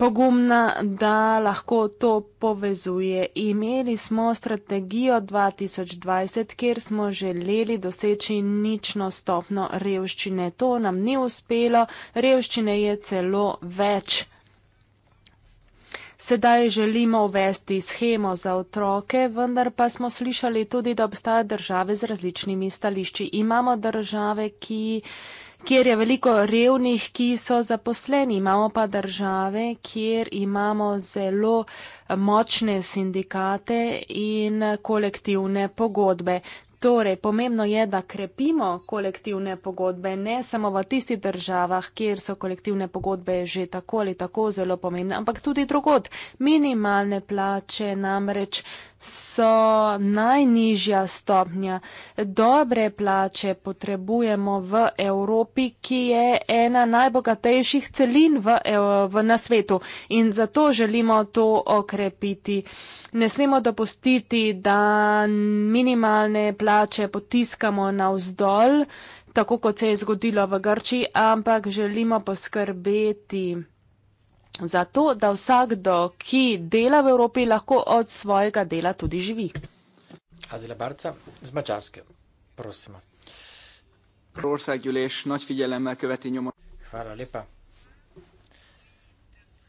pogumna, da lahko to povezuje. Imeli smo strategijo 2020, kjer smo želeli doseči nično stopno revščine. To nam ni uspelo, revščine je celo več. Sedaj želimo uvesti schemo za otroke, vendar pa smo slišali tudi, da obstajajo države z različnimi stališči. Imamo države, ki kjer je veliko revnih, ki so zaposleni. Imamo pa države, kjer imamo zelo močne sindikate in kolektivne pogodbe. Torej, pomembno je, da krepimo kolektivne pogodbe, ne samo v tistih državah, kjer so kolektivne pogodbe že tako ali tako zelo pomembne, ampak tudi drugod. Minimalne plače namreč so najnižja stopnja. Dobre plače potrebujemo v Evropi, ki je ena najbogatejših celin v, v, na svetu in zato želimo to okrepiti. Ne smemo dopustiti, da minimalne plače potiskamo navzdol, tako kot se je zgodilo v Grči, ampak želimo poskrbeti zato, da vsakdo, ki dela v Evropi, lahko od svojega dela tudi živi. Azila Barca z Mačarske, prosimo. Hvala lepa.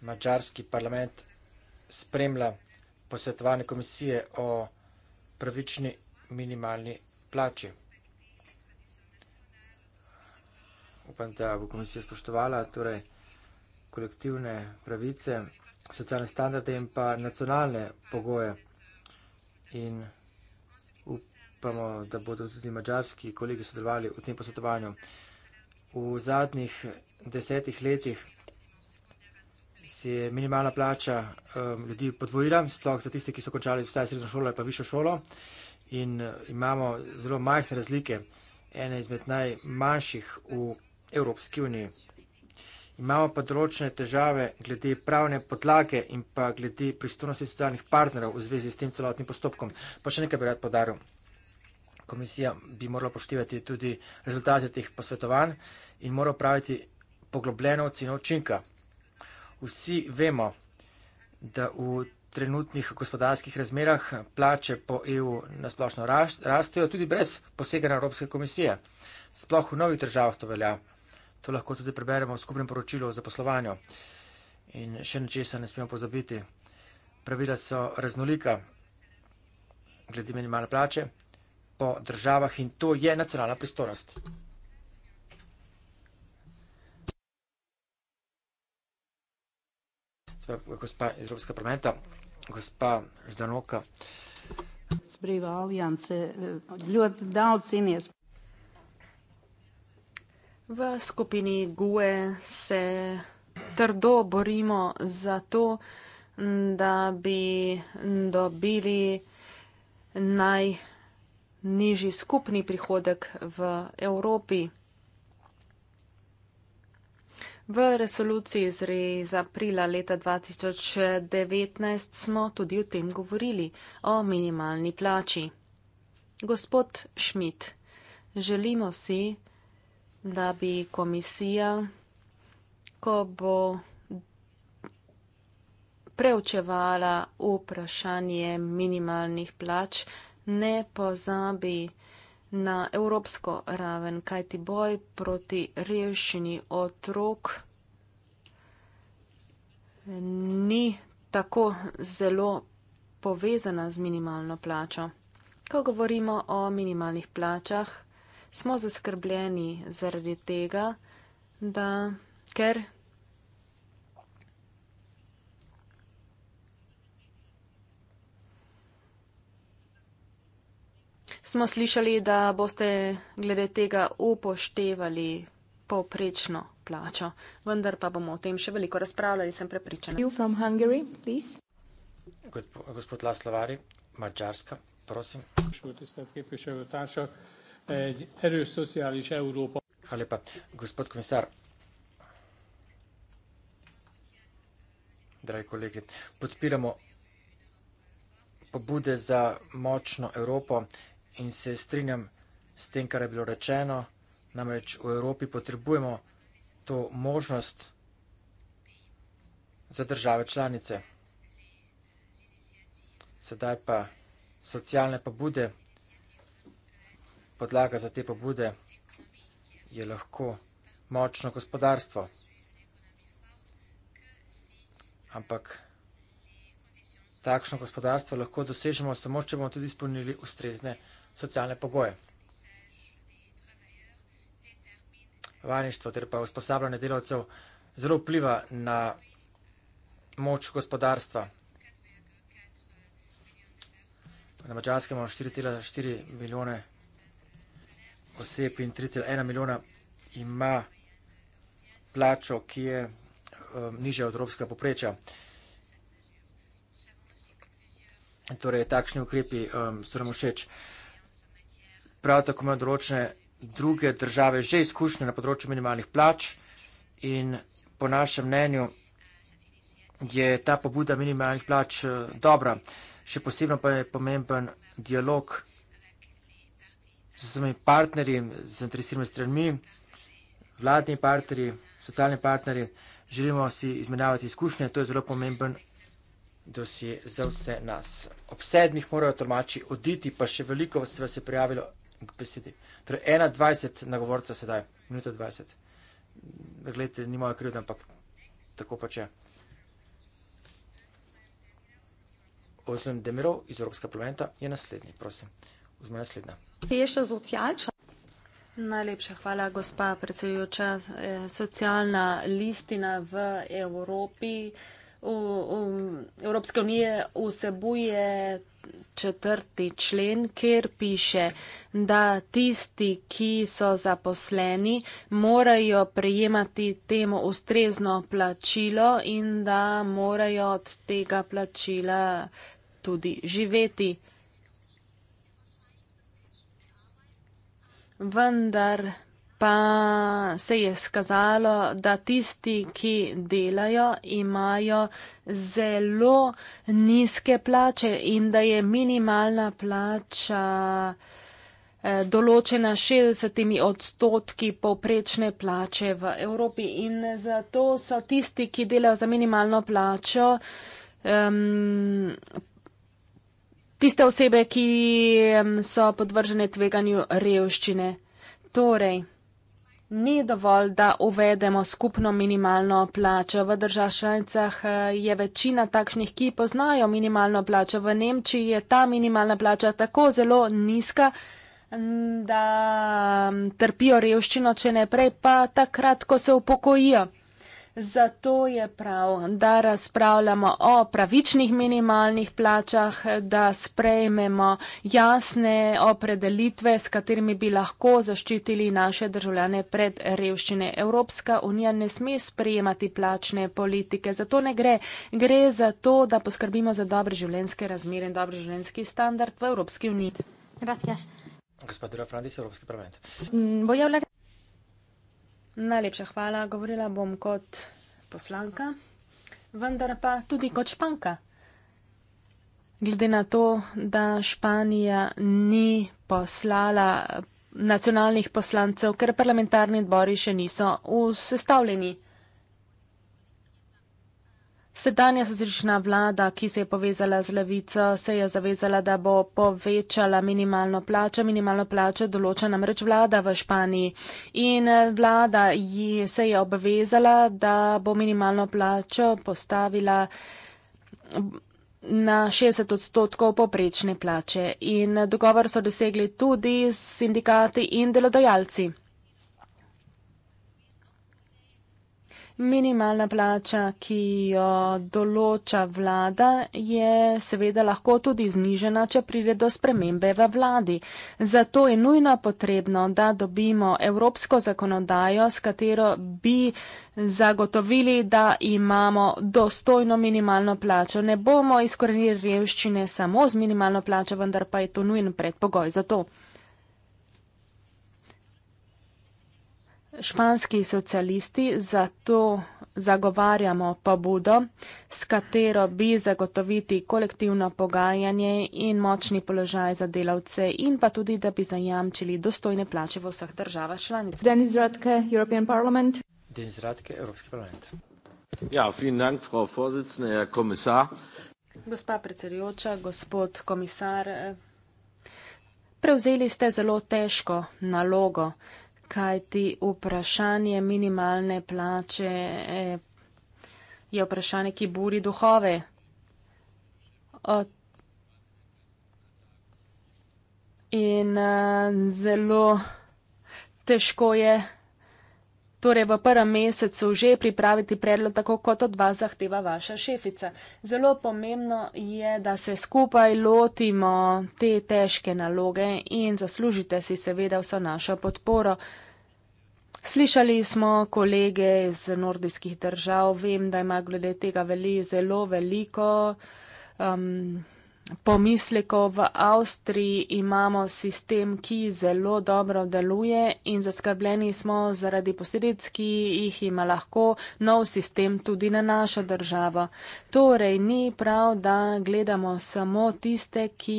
Mačarski parlament spremlja posvetovanje komisije o pravični minimalni plači. Upam, da bo komisija spoštovala. Torej, kolektivne pravice, socialne standarde in pa nacionalne pogoje. In upamo, da bodo tudi mađarski kolegi sodelovali v tem posvetovanju. V zadnjih desetih letih se je minimalna plača um, ljudi podvojila, sploh za tiste, ki so končali vsaj srednjo šolo ali pa višjo šolo. In uh, imamo zelo majhne razlike, ene izmed najmanjših v Evropski uniji. Imamo pa določene težave glede pravne podlage in pa glede pristojnosti socialnih partnerov v zvezi s tem celotnim postopkom. Pa še nekaj bi rad podaril. Komisija bi morala poštivati tudi rezultate teh posvetovanj in mora praviti poglobljeno oceno učinka. Vsi vemo, da v trenutnih gospodarskih razmerah plače po EU nasplošno rastejo tudi brez posega na Evropske komisije. Sploh v novih državah to velja. To lahko tudi preberemo v skupnem poročilu o zaposlovanju. In še nečesa ne smemo pozabiti. Pravila so raznolika glede minimalne plače po državah in to je nacionalna pristojnost. Gospa iz Evropskega parlamenta, gospa Ždanoka. Sprejeval Jance, eh, ljudi da ocenje. V skupini GUE se trdo borimo za to, da bi dobili najnižji skupni prihodek v Evropi. V resoluciji iz aprila leta 2019 smo tudi o tem govorili, o minimalni plači. Gospod Schmidt, želimo si, da bi komisija, ko bo preučevala vprašanje minimalnih plač, ne pozabi na evropsko raven, kajti boj proti rešini otrok ni tako zelo povezana z minimalno plačo. Ko govorimo o minimalnih plačah, smo zaskrbljeni zaradi tega, da ker smo slišali, da boste glede tega upoštevali poprečno plačo, vendar pa bomo o tem še veliko razpravljali, sem prepričana. Hungary, Gospod Laslovari, Mačarska, prosim. Šutiste, egy erős szociális Európa. Hvala lepa, gospod komisar. Dragi kolegi, podpiramo pobude za močno Evropo in se strinjam s tem, kar je bilo rečeno. Namreč v Evropi potrebujemo to možnost za države članice. Sedaj pa socialne pobude podlaga za te pobude je lahko močno gospodarstvo. Ampak takšno gospodarstvo lahko dosežemo samo, če bomo tudi spolnili ustrezne socialne pogoje. Vajništvo ter pa usposabljanje delavcev zelo vpliva na moč gospodarstva. Na Mačarskem imamo 4,4 milijone oseb in 3,1 milijona ima plačo, ki je um, nižja od evropskega popreča. Torej, takšni ukrepi um, so nam všeč. Prav tako imajo določene druge države že izkušnje na področju minimalnih plač in po našem mnenju je ta pobuda minimalnih plač uh, dobra. Še posebno pa je pomemben dialog s svojimi partnerji, z interesirimi stranmi, vladni partnerji, socialni partnerji. Želimo si izmenjavati izkušnje, to je zelo pomemben dosje za vse nas. Ob sedmih morajo tolmači oditi, pa še veliko se vas je prijavilo k besedi. Torej, 21 nagovorca sedaj, minuto 20. Gledajte, ni moja krivda, ampak tako pa če. Ozlem Demirov iz Evropskega parlamenta je naslednji, prosim. Uzme naslednja. Peša socialča. Najlepša hvala, gospa predsedujoča. E, socialna listina v Evropi, v, v Evropske unije vsebuje četrti člen, kjer piše, da tisti, ki so zaposleni, morajo prejemati temu ustrezno plačilo in da morajo od tega plačila tudi živeti. vendar pa se je skazalo, da tisti, ki delajo, imajo zelo nizke plače in da je minimalna plača eh, določena 60 odstotki povprečne plače v Evropi. In zato so tisti, ki delajo za minimalno plačo, um, tiste osebe, ki so podvržene tveganju revščine. Torej, ni dovolj, da uvedemo skupno minimalno plačo. V državah članicah eh, je večina takšnih, ki poznajo minimalno plačo. V Nemčiji je ta minimalna plača tako zelo nizka, da trpijo revščino, če ne prej, pa takrat, ko se upokojijo. Zato je prav, da razpravljamo o pravičnih minimalnih plačah, da sprejmemo jasne opredelitve, s katerimi bi lahko zaščitili naše državljane pred revščine. Evropska unija ne sme sprejemati plačne politike, zato ne gre. Gre za to, da poskrbimo za dobre življenjske razmere in dobre življenjski standard v Evropski uniji. Gracias. Gospod Dora Frandis, Evropski parlament. Mm, Najlepša hvala. Govorila bom kot poslanka, vendar pa tudi kot španka. Glede na to, da Španija ni poslala nacionalnih poslancev, ker parlamentarni odbori še niso usestavljeni. Sedanja sozrečna vlada, ki se je povezala z levico, se je zavezala, da bo povečala minimalno plačo. Minimalno plačo določa namreč vlada v Španiji. In eh, vlada se je obvezala, da bo minimalno plačo postavila na 60 odstotkov poprečne plače. In eh, dogovor so dosegli tudi sindikati in delodajalci. Minimalna plača, ki jo določa vlada, je seveda lahko tudi znižena, če pride do spremembe v vladi. Zato je nujno potrebno, da dobimo evropsko zakonodajo, s katero bi zagotovili, da imamo dostojno minimalno plačo. Ne bomo izkorenili revščine samo z minimalno plačo, vendar pa je to nujen predpogoj za to. španski socialisti zato zagovarjamo pobudo, s katero bi zagotoviti kolektivno pogajanje in močni položaj za delavce in pa tudi, da bi zajamčili dostojne plače v vseh državah članicah. Denis Radke, European Parliament. Denis Radke, Evropski parlament. Ja, vielen Dank, Frau Vorsitzende, Herr Kommissar. Gospa predsedujoča, gospod komisar, eh, prevzeli ste zelo težko nalogo kaj ti vprašanje minimalne plače eh, je vprašanje, ki buri duhove. In eh, zelo težko je vprašanje, torej v prvem mesecu že pripraviti predlog, tako kot od vas zahteva vaša šefica. Zelo pomembno je, da se skupaj lotimo te težke naloge in zaslužite si seveda vso našo podporo. Slišali smo kolege iz nordijskih držav, vem, da ima glede tega veli zelo veliko. Um, pomislekov. V Avstriji imamo sistem, ki zelo dobro deluje in zaskrbljeni smo zaradi posledic, ki jih ima lahko nov sistem tudi na našo državo. Torej, ni prav, da gledamo samo tiste, ki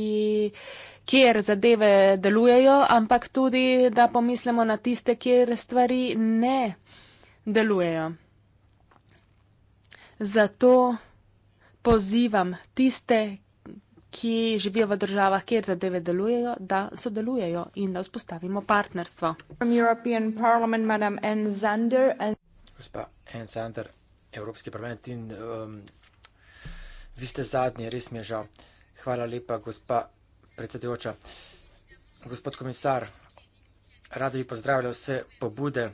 kjer zadeve delujejo, ampak tudi, da pomislimo na tiste, kjer stvari ne delujejo. Zato pozivam tiste, ki živijo v državah, kjer zadeve delujejo, da sodelujejo in da vzpostavimo partnerstvo. Um, vi ste zadnji, res mi je žal. Hvala lepa, gospa predsedujoča. Gospod komisar, rada bi pozdravila vse pobude,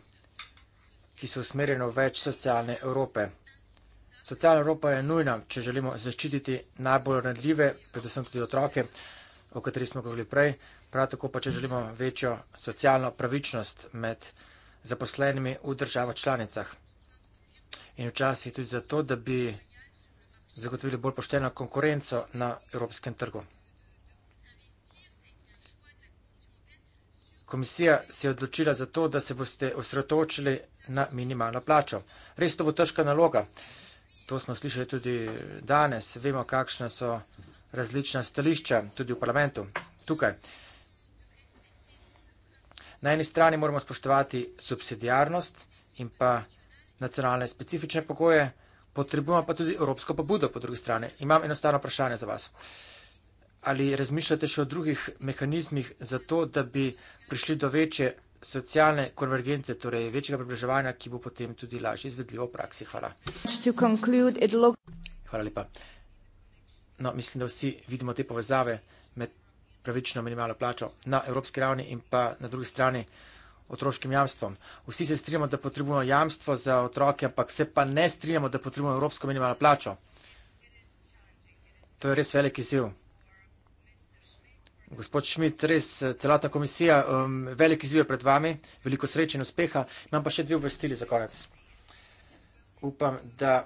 ki so usmerjene v več socialne Evrope. Socialna Evropa je nujna, če želimo zaščititi najbolj ranljive, predvsem tudi otroke, o katerih smo govorili prej, prav tako pa, če želimo večjo socialno pravičnost med zaposlenimi v državah članicah. In včasih tudi zato, da bi zagotovili bolj pošteno konkurenco na evropskem trgu. Komisija se je odločila za to, da se boste osredotočili na minimalno plačo. Res to bo težka naloga. To smo slišali tudi danes. Vemo, kakšna so različna stališča tudi v parlamentu tukaj. Na eni strani moramo spoštovati subsidijarnost in pa nacionalne specifične pokoje, potrebujemo pa tudi evropsko pobudo po drugi strani. Imam enostavno vprašanje za vas. Ali razmišljate še o drugih mehanizmih za to, da bi prišli do večje socialne konvergence, torej večjega približevanja, ki bo potem tudi lažje izvedljivo v praksi. Hvala. Hvala lepa. No, mislim, da vsi vidimo te povezave med pravično minimalno plačo na evropski ravni in pa na drugi strani otroškim jamstvom. Vsi se strinjamo, da potrebujemo jamstvo za otroke, ampak se pa ne strinjamo, da potrebujemo evropsko minimalno plačo. To je res velik izziv. Gospod Šmit, res eh, celata komisija, um, velik izziv je pred vami, veliko sreče in uspeha. Imam pa še dve obvestili za konec. Upam, da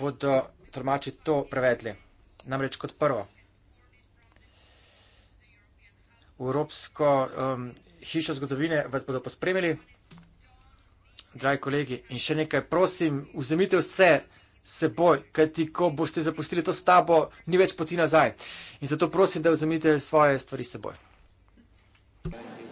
bodo tolmači to prevedli. Namreč kot prvo, v Evropsko um, hišo zgodovine vas bodo pospremili, dragi kolegi. In še nekaj, prosim, vzemite vse seboj, kajti ko boste zapustili to stavbo, ni več poti nazaj. In zato prosim, da vzemite svoje stvari seboj. Thank you.